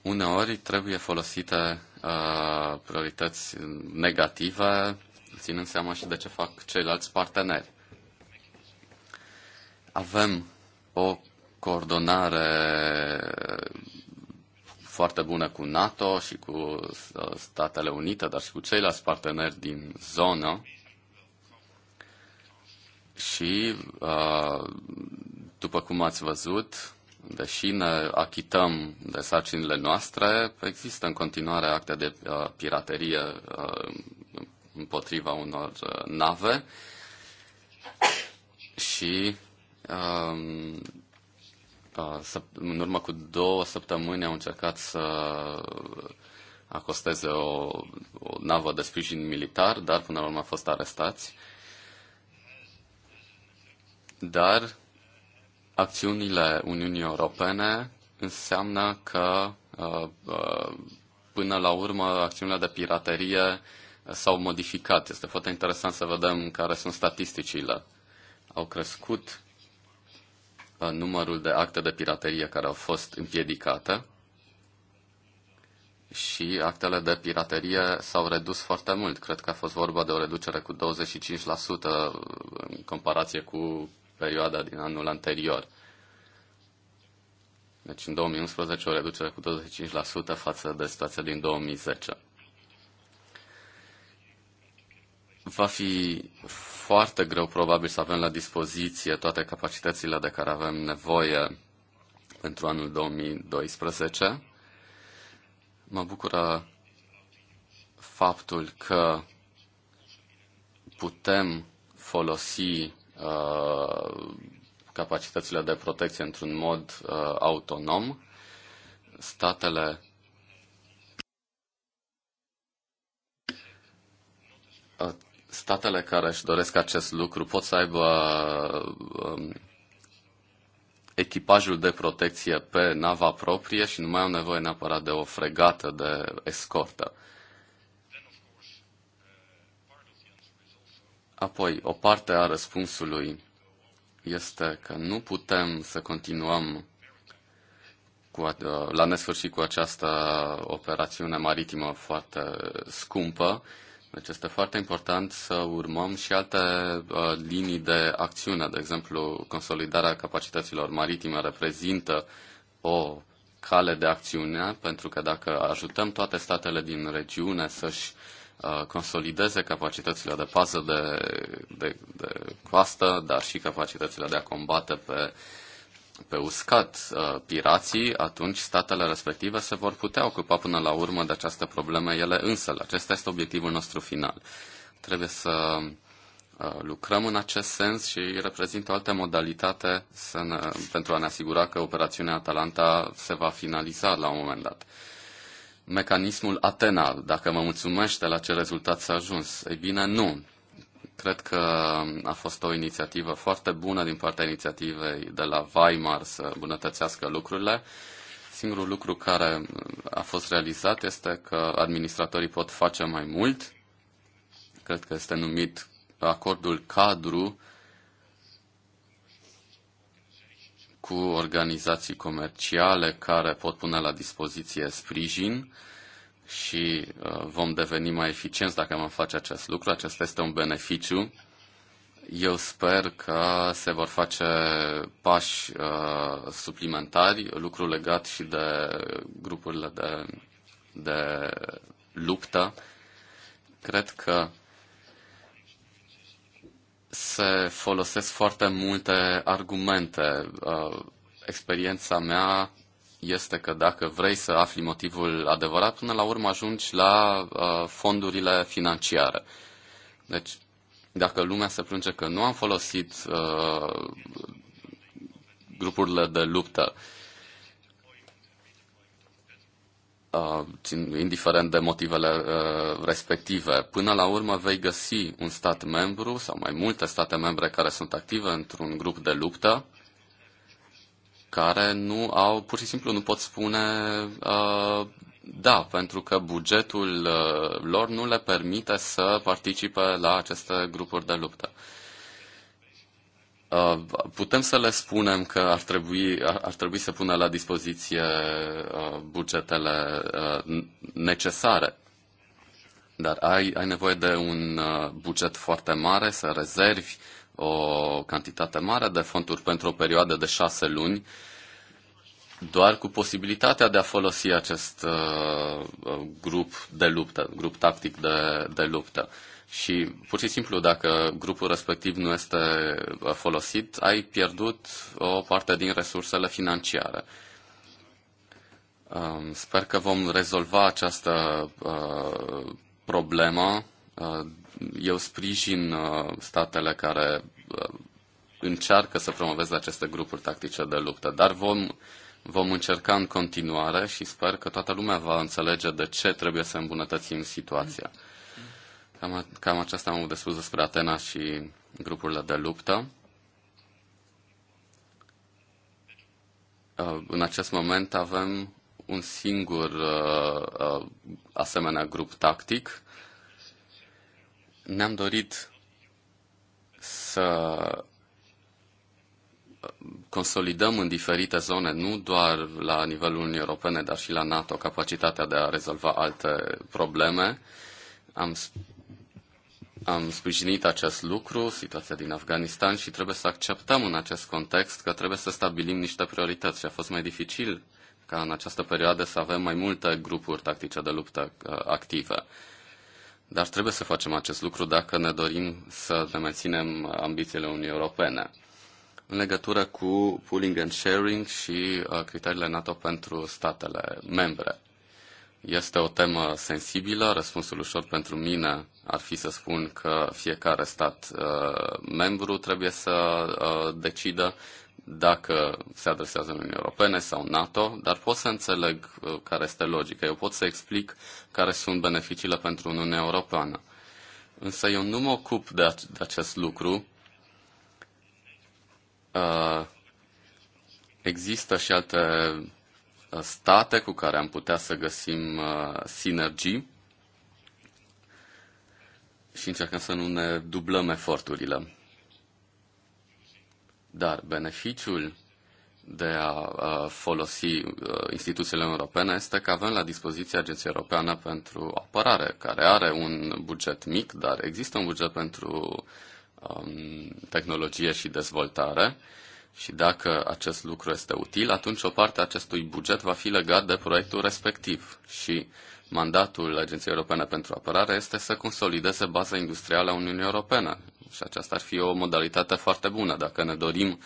Uneori trebuie folosite uh, priorități negative, ținând seama și de ce fac ceilalți parteneri. Avem o coordonare foarte bună cu NATO și cu uh, Statele Unite, dar și cu ceilalți parteneri din zonă. Și, uh, după cum ați văzut, deși ne achităm de sarcinile noastre, există în continuare acte de uh, piraterie împotriva unor nave și um, în urmă cu două săptămâni au încercat să acosteze o, o navă de sprijin militar, dar până la urmă au fost arestați. Dar acțiunile Uniunii Europene înseamnă că uh, uh, până la urmă acțiunile de piraterie s-au modificat. Este foarte interesant să vedem care sunt statisticile. Au crescut Uh, numărul de acte de piraterie care au fost împiedicate și actele de piraterie s-au redus foarte mult. Cred că a fost vorba de o reducere cu 25% uh, în comparație cu perioada din anul anterior. Deci în 2011 o reducere cu 25% față de situația din 2010. Va fi foarte greu probabil să avem la dispoziție toate capacitățile de care avem nevoie pentru anul 2012. Mă bucură faptul că putem folosi uh, capacitățile de protecție într-un mod uh, autonom. Statele statele care își doresc acest lucru pot să aibă um, echipajul de protecție pe nava proprie și nu mai au nevoie neapărat de o fregată de escortă. Apoi, o parte a răspunsului este că nu putem să continuăm cu, la nesfârșit cu această operațiune maritimă foarte scumpă, deci este foarte important să urmăm și alte uh, linii de acțiune. De exemplu, consolidarea capacităților maritime reprezintă o cale de acțiune, pentru că dacă ajutăm toate statele din regiune să-și uh, consolideze capacitățile de pază de, de, de coastă, dar și capacitățile de a combate pe uh, pe uscat uh, pirații, atunci statele respective se vor putea ocupa până la urmă de această problemă ele însă. Acesta este obiectivul nostru final. Trebuie să uh, lucrăm în acest sens și reprezintă o altă modalitate să ne, pentru a ne asigura că operațiunea Atalanta se va finaliza la un moment dat. Mecanismul Atena, dacă mă mulțumește la ce rezultat s-a ajuns, ei bine, nu Cred că a fost o inițiativă foarte bună din partea inițiativei de la Weimar să bunătățească lucrurile. Singurul lucru care a fost realizat este că administratorii pot face mai mult. Cred că este numit acordul cadru cu organizații comerciale care pot pune la dispoziție sprijin și uh, vom deveni mai eficienți dacă vom face acest lucru. Acesta este un beneficiu. Eu sper că se vor face pași uh, suplimentari, lucru legat și de grupurile de, de luptă. Cred că se folosesc foarte multe argumente. Uh, experiența mea este că dacă vrei să afli motivul adevărat, până la urmă ajungi la uh, fondurile financiare. Deci, dacă lumea se plânge că nu am folosit uh, grupurile de luptă, uh, indiferent de motivele uh, respective, până la urmă vei găsi un stat membru sau mai multe state membre care sunt active într-un grup de luptă, uh, care nu au, pur și simplu nu pot spune uh, da, pentru că bugetul uh, lor nu le permite să participe la aceste grupuri de luptă. Uh, putem să le spunem că ar trebui, ar, ar trebui să pună la dispoziție uh, bugetele uh, necesare, dar ai, ai nevoie de un uh, buget foarte mare să rezervi uh, o cantitate mare de fonduri pentru o perioadă de șase luni, doar cu posibilitatea de a folosi acest uh, grup de luptă, grup tactic de, de luptă. Și pur și simplu, dacă grupul respectiv nu este uh, folosit, ai pierdut o parte din resursele financiare. Um, sper că vom rezolva această uh, problemă uh, eu sprijin uh, statele care uh, încearcă să promoveze aceste grupuri tactice de luptă, dar vom, vom încerca în continuare și sper că toată lumea va înțelege de ce trebuie să îmbunătățim situația. Cam, cam aceasta am de spus despre Atena și grupurile de luptă. Uh, în acest moment avem un singur asemenea grup tactic ne-am dorit să consolidăm în diferite zone, nu doar la nivelul Uniunii Europene, dar și la NATO, capacitatea de a rezolva alte probleme. Am, am sprijinit acest lucru, situația din Afganistan, și trebuie să acceptăm în acest context că trebuie să stabilim niște priorități și a fost mai dificil ca în această perioadă să avem mai multe grupuri tactice de luptă uh, active. Dar trebuie să facem acest lucru dacă ne dorim să ne menținem ambițiile Uniunii Europene. În legătură cu pooling and sharing și uh, criteriile NATO pentru statele membre. Este o temă sensibilă. Răspunsul ușor pentru mine ar fi să spun că fiecare stat uh, membru trebuie să uh, decidă dacă se adresează Uniunii Europene sau NATO, dar pot să înțeleg uh, care este logica. Eu pot să explic care sunt beneficiile pentru Uniunea Europeană. Însă eu nu mă ocup de, de acest lucru. Uh, există și alte uh, state cu care am putea să găsim sinergii și încercăm să nu ne dublăm eforturile. Dar beneficiul de a folosi uh, instituțiile europene este că avem la dispoziție Agenția Europeană pentru Apărare, care are un buget mic, dar există un buget pentru um, tehnologie și dezvoltare. Și dacă acest lucru este util, atunci o parte a acestui buget va fi legat de proiectul respectiv. Și mandatul Agenției Europene pentru Apărare este să consolideze baza industrială a Uniunii Europene. Și aceasta ar fi o modalitate foarte bună. Dacă ne dorim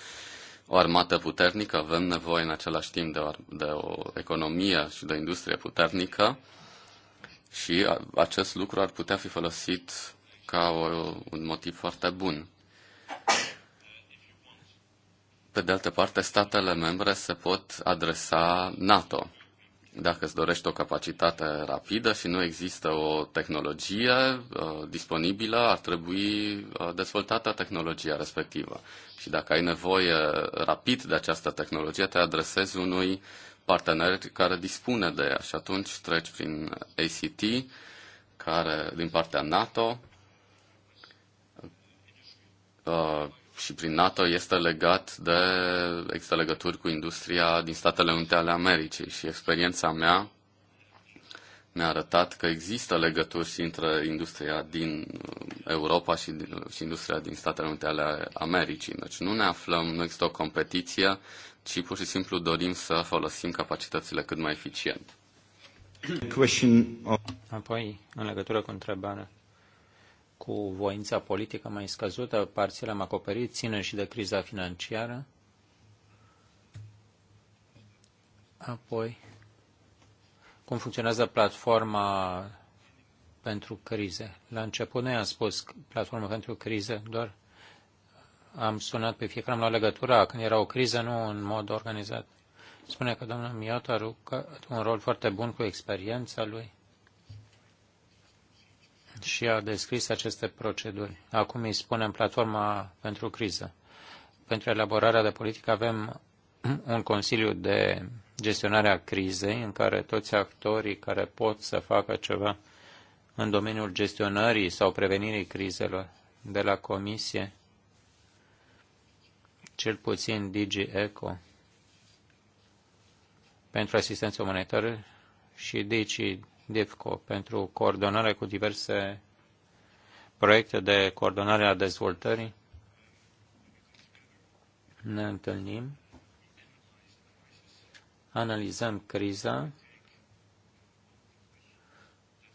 o armată puternică, avem nevoie în același timp de o, de o economie și de o industrie puternică și acest lucru ar putea fi folosit ca o, un motiv foarte bun. Pe de altă parte, statele membre se pot adresa NATO dacă îți dorești o capacitate rapidă și nu există o tehnologie uh, disponibilă, ar trebui uh, dezvoltată tehnologia respectivă. Și dacă ai nevoie rapid de această tehnologie, te adresezi unui partener care dispune de ea și atunci treci prin ACT, care din partea NATO, uh, și prin NATO este legat de există legături cu industria din Statele Unite ale Americii și experiența mea mi-a arătat că există legături și între industria din uh, Europa și, uh, și industria din Statele Unite ale Americii. Deci nu ne aflăm, nu există o competiție, ci pur și simplu dorim să folosim capacitățile cât mai eficient. Apoi, în legătură cu întrebarea cu voința politică mai scăzută, parțial am acoperit, ține și de criza financiară. Apoi, cum funcționează platforma pentru crize. La început noi am spus platforma pentru crize, doar am sunat pe fiecare, am luat legătura când era o criză, nu în mod organizat. Spune că domnul Miotaru are un rol foarte bun cu experiența lui și a descris aceste proceduri. Acum îi spunem platforma pentru criză. Pentru elaborarea de politică avem un Consiliu de gestionare a crizei în care toți actorii care pot să facă ceva în domeniul gestionării sau prevenirii crizelor de la Comisie, cel puțin DigiEco, ECO, pentru asistență umanitară și deci. DIFCO pentru coordonare cu diverse proiecte de coordonare a dezvoltării. Ne întâlnim, analizăm criza.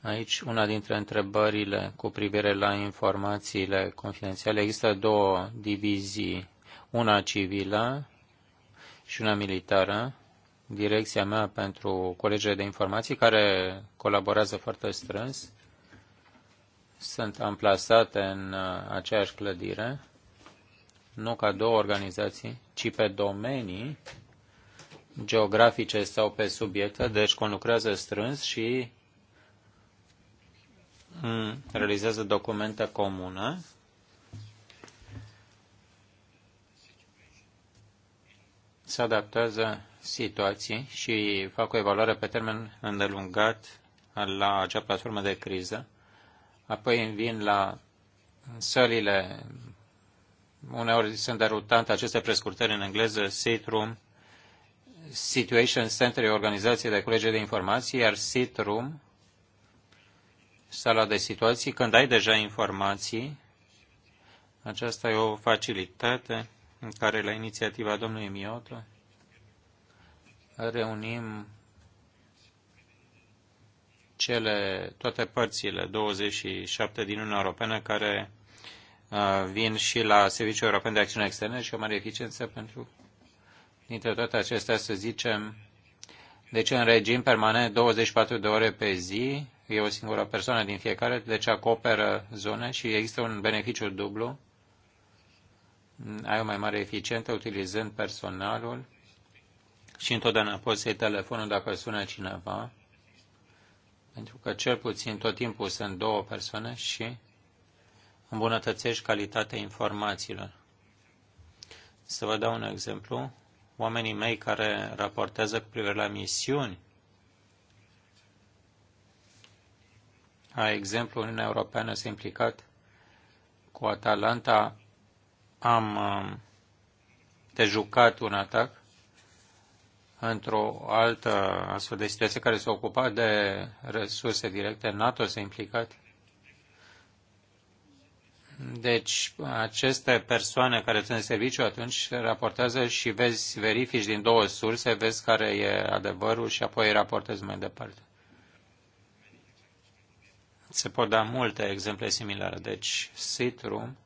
Aici una dintre întrebările cu privire la informațiile confidențiale. Există două divizii, una civilă și una militară direcția mea pentru colegii de informații care colaborează foarte strâns. Sunt amplasate în uh, aceeași clădire, nu ca două organizații, ci pe domenii geografice sau pe subiecte, deci conlucrează strâns și mm, realizează documente comune. Se adaptează situații și fac o evaluare pe termen îndelungat la acea platformă de criză, apoi vin la sălile, uneori sunt derutante aceste prescurtări în engleză, room Situation Center organizație de colegi de informații, iar room sala de situații, când ai deja informații, aceasta e o facilitate în care la inițiativa domnului Miotru reunim cele, toate părțile, 27 din Uniunea Europeană, care uh, vin și la Serviciul European de Acțiune Externă și o mare eficiență pentru, dintre toate acestea, să zicem, deci în regim permanent 24 de ore pe zi, e o singură persoană din fiecare, deci acoperă zone și există un beneficiu dublu. Ai o mai mare eficientă utilizând personalul și întotdeauna poți să-i telefonul dacă sună cineva, pentru că cel puțin tot timpul sunt două persoane și îmbunătățești calitatea informațiilor. Să vă dau un exemplu. Oamenii mei care raportează cu privire la misiuni, a exemplu, Uniunea Europeană s-a implicat cu Atalanta, am de jucat un atac într-o altă astfel de situație care s-a ocupat de resurse directe, NATO s-a implicat. Deci, aceste persoane care sunt în serviciu atunci raportează și vezi, verifici din două surse, vezi care e adevărul și apoi raportezi mai departe. Se pot da multe exemple similare. Deci, Citrum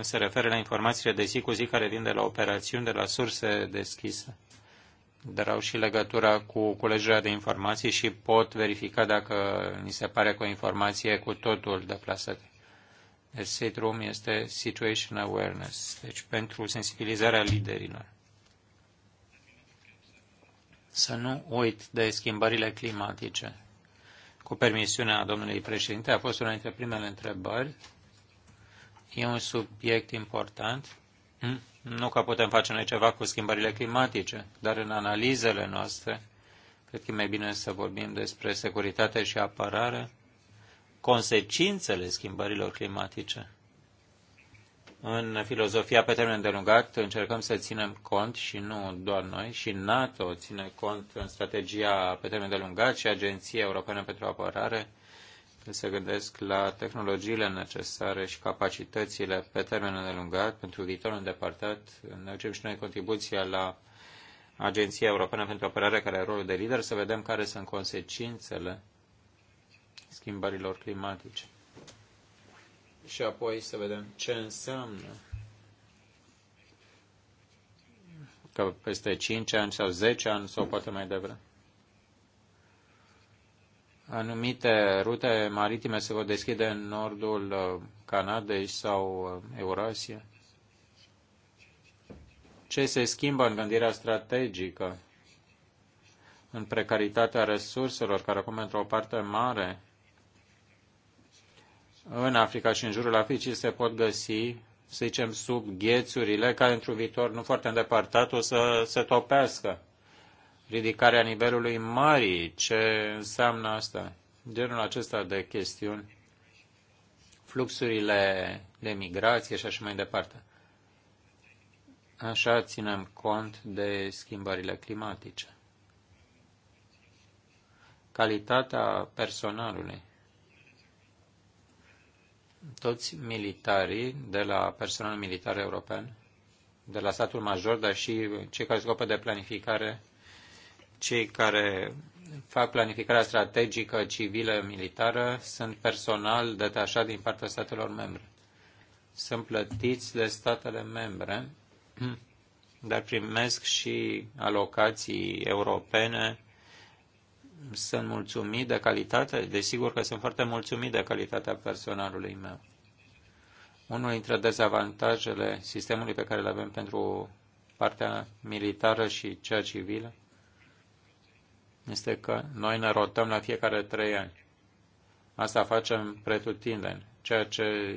se referă la informațiile de zi cu zi care vin de la operațiuni, de la surse deschise, dar au și legătura cu culegerea de informații și pot verifica dacă ni se pare că o informație cu totul deplasată. Deci, room este Situation Awareness, deci pentru sensibilizarea liderilor. Să nu uit de schimbările climatice. Cu permisiunea domnului președinte, a fost una dintre primele întrebări E un subiect important. Hm? Nu că putem face noi ceva cu schimbările climatice, dar în analizele noastre, cred că e mai bine să vorbim despre securitate și apărare, consecințele schimbărilor climatice. În filozofia pe termen delungat încercăm să ținem cont și nu doar noi, și NATO ține cont în strategia pe termen delungat și Agenția Europeană pentru Apărare Trebuie să gândesc la tehnologiile necesare și capacitățile pe termen îndelungat pentru viitorul îndepărtat. Ne aducem și noi contribuția la Agenția Europeană pentru Apărare, care are rolul de lider, să vedem care sunt consecințele schimbărilor climatice. Și apoi să vedem ce înseamnă că peste 5 ani sau 10 ani sau poate mai devreme. Anumite rute maritime se vor deschide în nordul uh, Canadei sau uh, Eurasia. Ce se schimbă în gândirea strategică, în precaritatea resurselor, care acum într o parte mare în Africa și în jurul Africii se pot găsi, să zicem, sub ghețurile care într-un viitor nu foarte îndepărtat o să se topească ridicarea nivelului mării. Ce înseamnă asta? Genul acesta de chestiuni, fluxurile de migrație și așa mai departe. Așa ținem cont de schimbările climatice. Calitatea personalului. Toți militarii, de la personal militar european, de la statul major, dar și cei care scopă de planificare cei care fac planificarea strategică civilă militară sunt personal detașat din partea statelor membre. Sunt plătiți de statele membre, dar primesc și alocații europene. Sunt mulțumit de calitate, desigur că sunt foarte mulțumit de calitatea personalului meu. Unul dintre dezavantajele sistemului pe care îl avem pentru partea militară și cea civilă este că noi ne rotăm la fiecare trei ani. Asta facem pretutindeni, ceea ce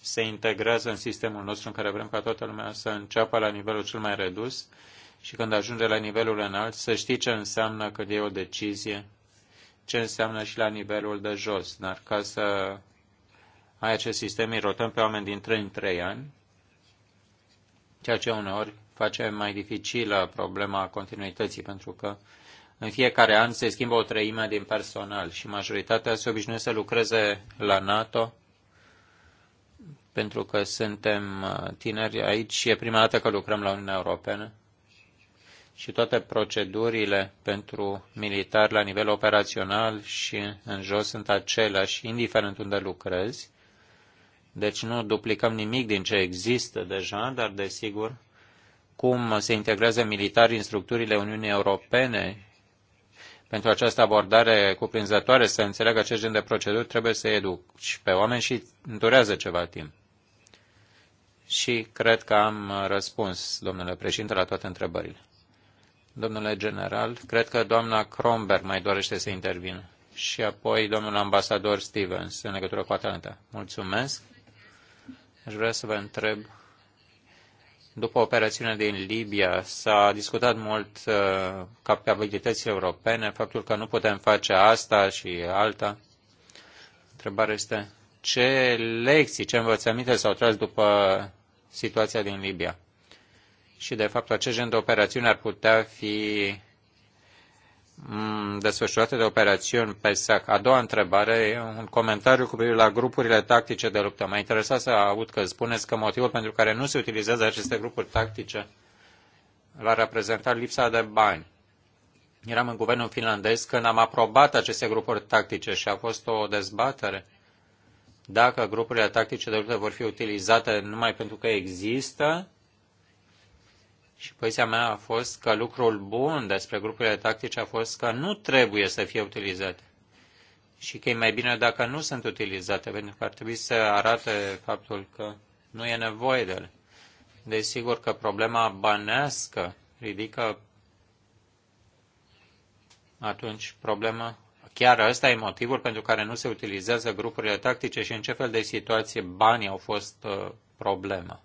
se integrează în sistemul nostru în care vrem ca toată lumea să înceapă la nivelul cel mai redus și când ajunge la nivelul înalt să știi ce înseamnă când e o decizie, ce înseamnă și la nivelul de jos. Dar ca să ai acest sistem, îi rotăm pe oameni din 3 în 3 ani, ceea ce uneori face mai dificilă problema continuității, pentru că în fiecare an se schimbă o treime din personal și majoritatea se obișnuie să lucreze la NATO pentru că suntem uh, tineri aici și e prima dată că lucrăm la Uniunea Europeană și toate procedurile pentru militari la nivel operațional și în jos sunt aceleași, indiferent unde lucrezi. Deci nu duplicăm nimic din ce există deja, dar desigur, cum se integrează militarii în structurile Uniunii Europene pentru această abordare cuprinzătoare să înțeleagă acest gen de proceduri, trebuie să educi pe oameni și durează ceva timp. Și cred că am răspuns, domnule președinte, la toate întrebările. Domnule general, cred că doamna Kromberg mai dorește să intervină și apoi domnul ambasador Stevens în legătură cu Atalanta. Mulțumesc. Aș vrea să vă întreb după operațiunea din Libia s-a discutat mult uh, capabilitățile europene, faptul că nu putem face asta și alta. Întrebarea este ce lecții, ce învățăminte s-au tras după situația din Libia? Și, de fapt, acest gen de operațiune ar putea fi Mm, desfășurate de operațiuni PESAC. A doua întrebare, un comentariu cu privire la grupurile tactice de luptă. M-a interesat să aud că spuneți că motivul pentru care nu se utilizează aceste grupuri tactice l-a reprezentat lipsa de bani. Eram în guvernul finlandez când am aprobat aceste grupuri tactice și a fost o dezbatere dacă grupurile tactice de luptă vor fi utilizate numai pentru că există și poziția mea a fost că lucrul bun despre grupurile tactice a fost că nu trebuie să fie utilizate. Și că e mai bine dacă nu sunt utilizate, pentru că ar trebui să arate faptul că nu e nevoie de ele. Desigur că problema banească ridică atunci problema. Chiar ăsta e motivul pentru care nu se utilizează grupurile tactice și în ce fel de situație banii au fost uh, problema.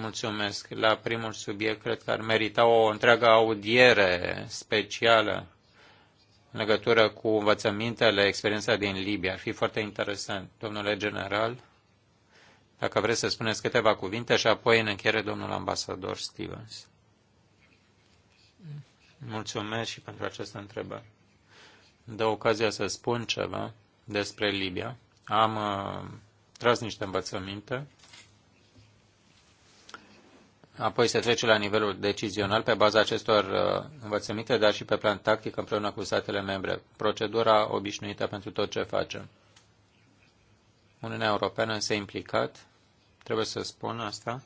Mulțumesc. La primul subiect cred că ar merita o întreagă audiere specială în legătură cu învățămintele, experiența din Libia. Ar fi foarte interesant. Domnule general, dacă vreți să spuneți câteva cuvinte și apoi în încheiere domnul ambasador Stevens. Mulțumesc și pentru această întrebare. Dă ocazia să spun ceva despre Libia. Am uh, tras niște învățăminte apoi se trece la nivelul decizional pe baza acestor uh, învățăminte, dar și pe plan tactic împreună cu statele membre. Procedura obișnuită pentru tot ce facem. Uniunea Europeană s-a implicat, trebuie să spun asta,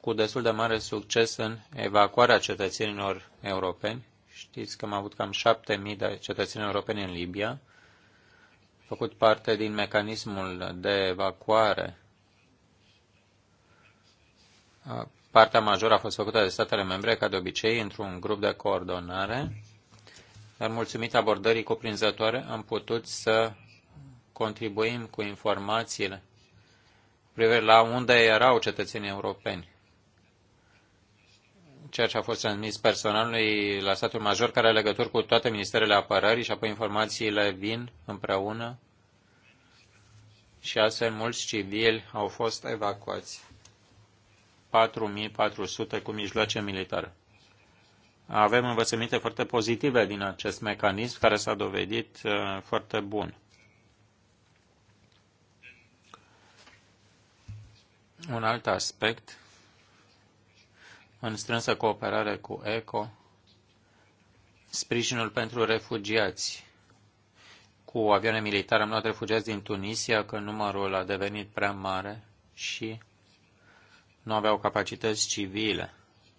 cu destul de mare succes în evacuarea cetățenilor europeni. Știți că am avut cam 7000 de cetățeni europeni în Libia, făcut parte din mecanismul de evacuare uh, Partea majoră a fost făcută de statele membre, ca de obicei, într-un grup de coordonare, dar mulțumit abordării cuprinzătoare am putut să contribuim cu informațiile privire la unde erau cetățenii europeni ceea ce a fost transmis personalului la statul major, care are legături cu toate ministerele apărării și apoi informațiile vin împreună și astfel mulți civili au fost evacuați. 4400 cu mijloace militare. Avem învățăminte foarte pozitive din acest mecanism care s-a dovedit uh, foarte bun. Un alt aspect, în strânsă cooperare cu ECO, sprijinul pentru refugiați. Cu avioane militare am luat refugiați din Tunisia, că numărul a devenit prea mare și nu aveau capacități civile.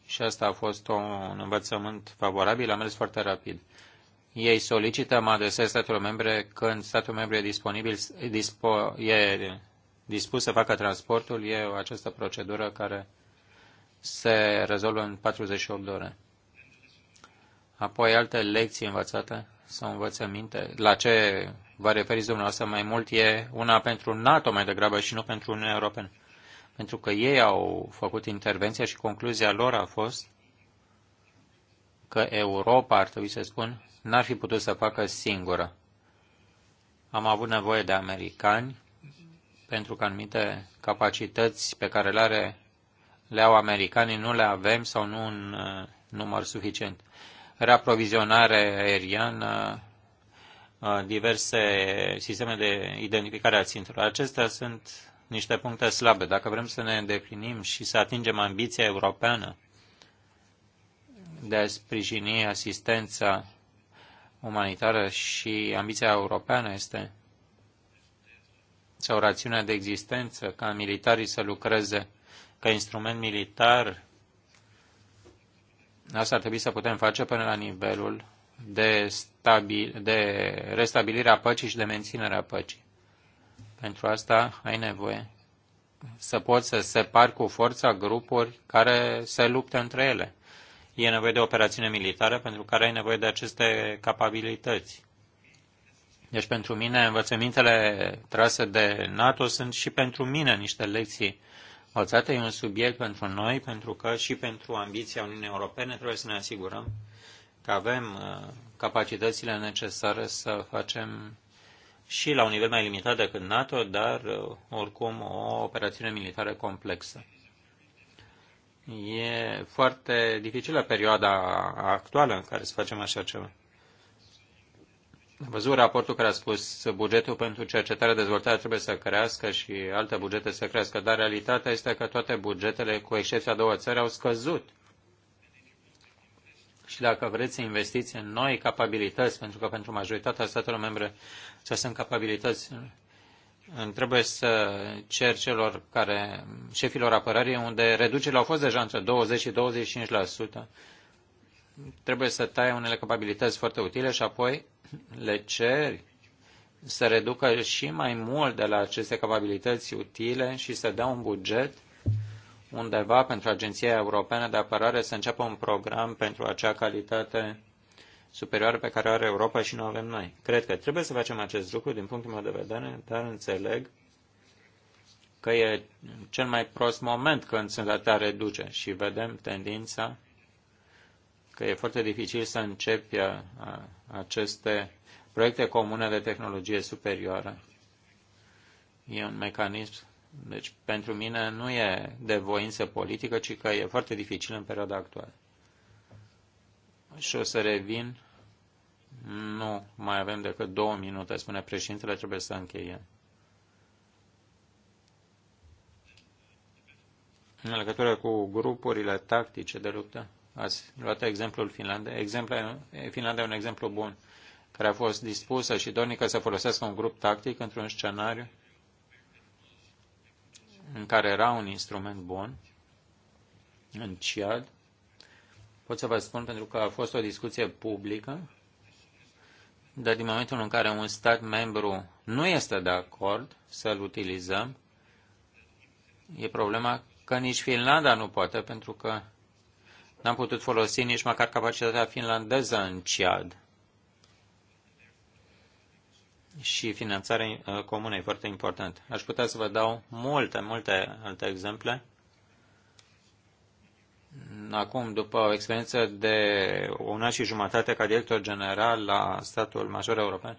Și asta a fost un învățământ favorabil, a mers foarte rapid. Ei solicită, mă adresez statul membre, când statul membru e disponibil, dispo, e dispus să facă transportul, e această procedură care se rezolvă în 48 de ore. Apoi alte lecții învățate sau învățăminte. La ce vă referiți dumneavoastră mai mult e una pentru NATO mai degrabă și nu pentru Uniunea Europeană pentru că ei au făcut intervenția și concluzia lor a fost că Europa, ar trebui să spun, n-ar fi putut să facă singură. Am avut nevoie de americani pentru că anumite capacități pe care le, are, le au americanii nu le avem sau nu în uh, număr suficient. Reaprovizionare aeriană, uh, diverse sisteme de identificare a țintelor. Acestea sunt niște puncte slabe. Dacă vrem să ne îndeplinim și să atingem ambiția europeană de a sprijini asistența umanitară și ambiția europeană este sau rațiunea de existență ca militarii să lucreze ca instrument militar, asta ar trebui să putem face până la nivelul de, stabil, de restabilirea păcii și de menținerea păcii. Pentru asta ai nevoie să poți să separi cu forța grupuri care se luptă între ele. E nevoie de operațiune militară pentru care ai nevoie de aceste capabilități. Deci pentru mine învățămintele trase de NATO sunt și pentru mine niște lecții învățate. E un subiect pentru noi, pentru că și pentru ambiția Uniunii Europene trebuie să ne asigurăm că avem uh, capacitățile necesare să facem și la un nivel mai limitat decât NATO, dar uh, oricum o operațiune militară complexă. E foarte dificilă perioada actuală în care să facem așa ceva. Am văzut raportul care a spus bugetul pentru cercetare dezvoltare trebuie să crească și alte bugete să crească, dar realitatea este că toate bugetele, cu excepția două țări, au scăzut și dacă vreți să investiți în noi capabilități, pentru că pentru majoritatea statelor membre ce sunt capabilități, trebuie să cer celor care, șefilor apărării, unde reducerile au fost deja între 20 și 25%, trebuie să tai unele capabilități foarte utile și apoi le ceri să reducă și mai mult de la aceste capabilități utile și să dea un buget undeva pentru Agenția Europeană de Apărare să înceapă un program pentru acea calitate superioară pe care o are Europa și nu o avem noi. Cred că trebuie să facem acest lucru din punctul meu de vedere, dar înțeleg că e cel mai prost moment când sănătatea reduce și vedem tendința că e foarte dificil să începi uh, aceste proiecte comune de tehnologie superioară. E un mecanism deci, pentru mine nu e de voință politică, ci că e foarte dificil în perioada actuală. Și o să revin. Nu mai avem decât două minute, spune președintele, trebuie să încheiem. În legătură cu grupurile tactice de luptă, ați luat exemplul Finlandei. Exemplul Finlanda e un exemplu bun, care a fost dispusă și dornică să folosească un grup tactic într-un scenariu în care era un instrument bun, în CIAD, pot să vă spun pentru că a fost o discuție publică, dar din momentul în care un stat membru nu este de acord să-l utilizăm, e problema că nici Finlanda nu poate, pentru că n-am putut folosi nici măcar capacitatea finlandeză în CIAD și finanțarea uh, comună e foarte importantă. Aș putea să vă dau multe, multe alte exemple. Acum, după o experiență de un an și jumătate ca director general la statul major european,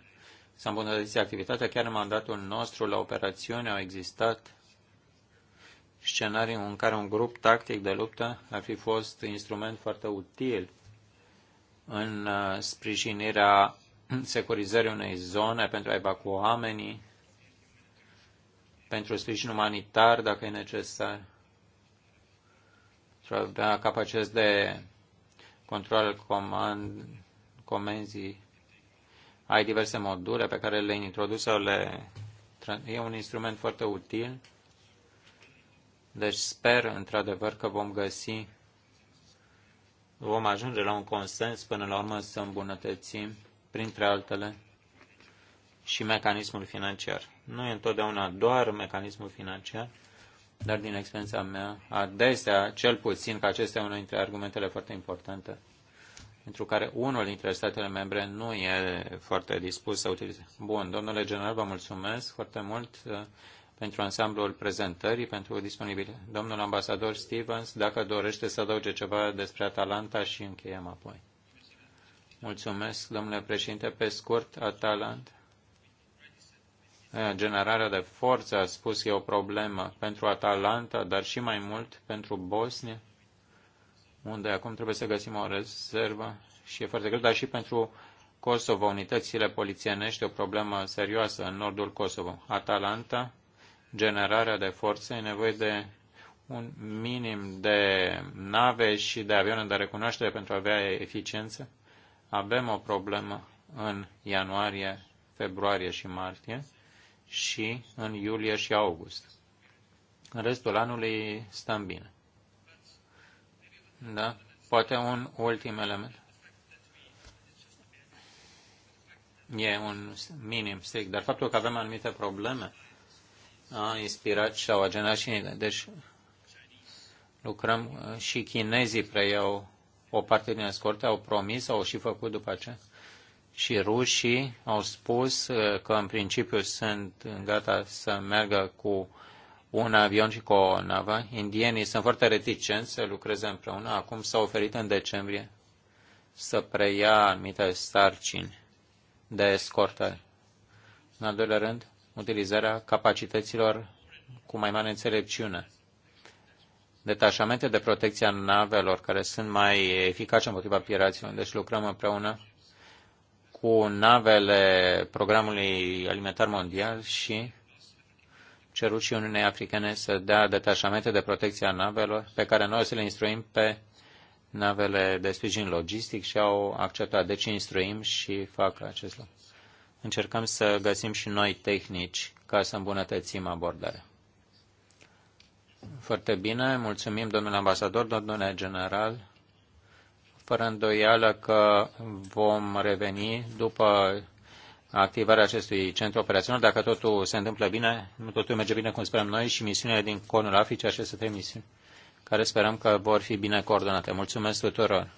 s-a îmbunătățit activitatea. Chiar în mandatul nostru la operațiune au existat scenarii în care un grup tactic de luptă ar fi fost instrument foarte util în uh, sprijinirea securizării unei zone pentru a evacua oamenii, pentru sprijin umanitar, dacă e necesar, pentru a avea capacități de control, comand, comenzii. Ai diverse module pe care le introduci sau le... E un instrument foarte util. Deci sper, într-adevăr, că vom găsi, vom ajunge la un consens până la urmă să îmbunătățim printre altele, și mecanismul financiar. Nu e întotdeauna doar mecanismul financiar, dar din experiența mea, adesea, cel puțin că acesta e unul dintre argumentele foarte importante pentru care unul dintre statele membre nu e foarte dispus să utilizeze. Bun, domnule general, vă mulțumesc foarte mult uh, pentru ansamblul prezentării, pentru disponibilitate. Domnul ambasador Stevens, dacă dorește să adauge ceva despre Atalanta și încheiem apoi. Mulțumesc, domnule președinte. Pe scurt, Atalant, generarea de forță, a spus, e o problemă pentru Atalanta, dar și mai mult pentru Bosnia, unde acum trebuie să găsim o rezervă și e foarte greu, dar și pentru Kosovo, unitățile polițienești, o problemă serioasă în nordul Kosovo. Atalanta, generarea de forțe, e nevoie de un minim de nave și de avioane de recunoaștere pentru a avea eficiență avem o problemă în ianuarie, februarie și martie și în iulie și august. În restul anului stăm bine. Da? Poate un ultim element. E un minim strict, dar faptul că avem anumite probleme a inspirat și au agendat și Deci lucrăm și chinezii preiau o parte din escorte au promis, au și făcut după aceea, și rușii au spus uh, că în principiu sunt gata să meargă cu un avion și cu o navă. Indienii sunt foarte reticenți să lucreze împreună. Acum s au oferit în decembrie să preia anumite sarcini de escortare. În al doilea rând, utilizarea capacităților cu mai mare înțelepciune detașamente de protecție a navelor care sunt mai eficace împotriva pirației. Deci lucrăm împreună cu navele programului alimentar mondial și cerut și Uniunii Africane să dea detașamente de protecție a navelor pe care noi să le instruim pe navele de sprijin logistic și au acceptat. Deci instruim și fac acest lucru. Încercăm să găsim și noi tehnici ca să îmbunătățim abordarea. Foarte bine, mulțumim, domnule ambasador, domnule general. Fără îndoială că vom reveni după activarea acestui centru operațional. Dacă totul se întâmplă bine, nu totul merge bine cum sperăm noi și misiunile din Conul Africii, aceste trei misiuni, care sperăm că vor fi bine coordonate. Mulțumesc tuturor!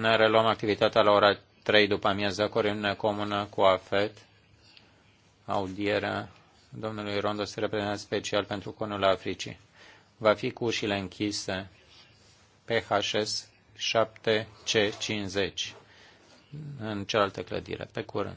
Ne reluăm activitatea la ora 3 după amiază cu comună cu AFET, audierea domnului se reprezentant special pentru conul Africii. Va fi cu ușile închise PHS 7C50 în cealaltă clădire. Pe curând.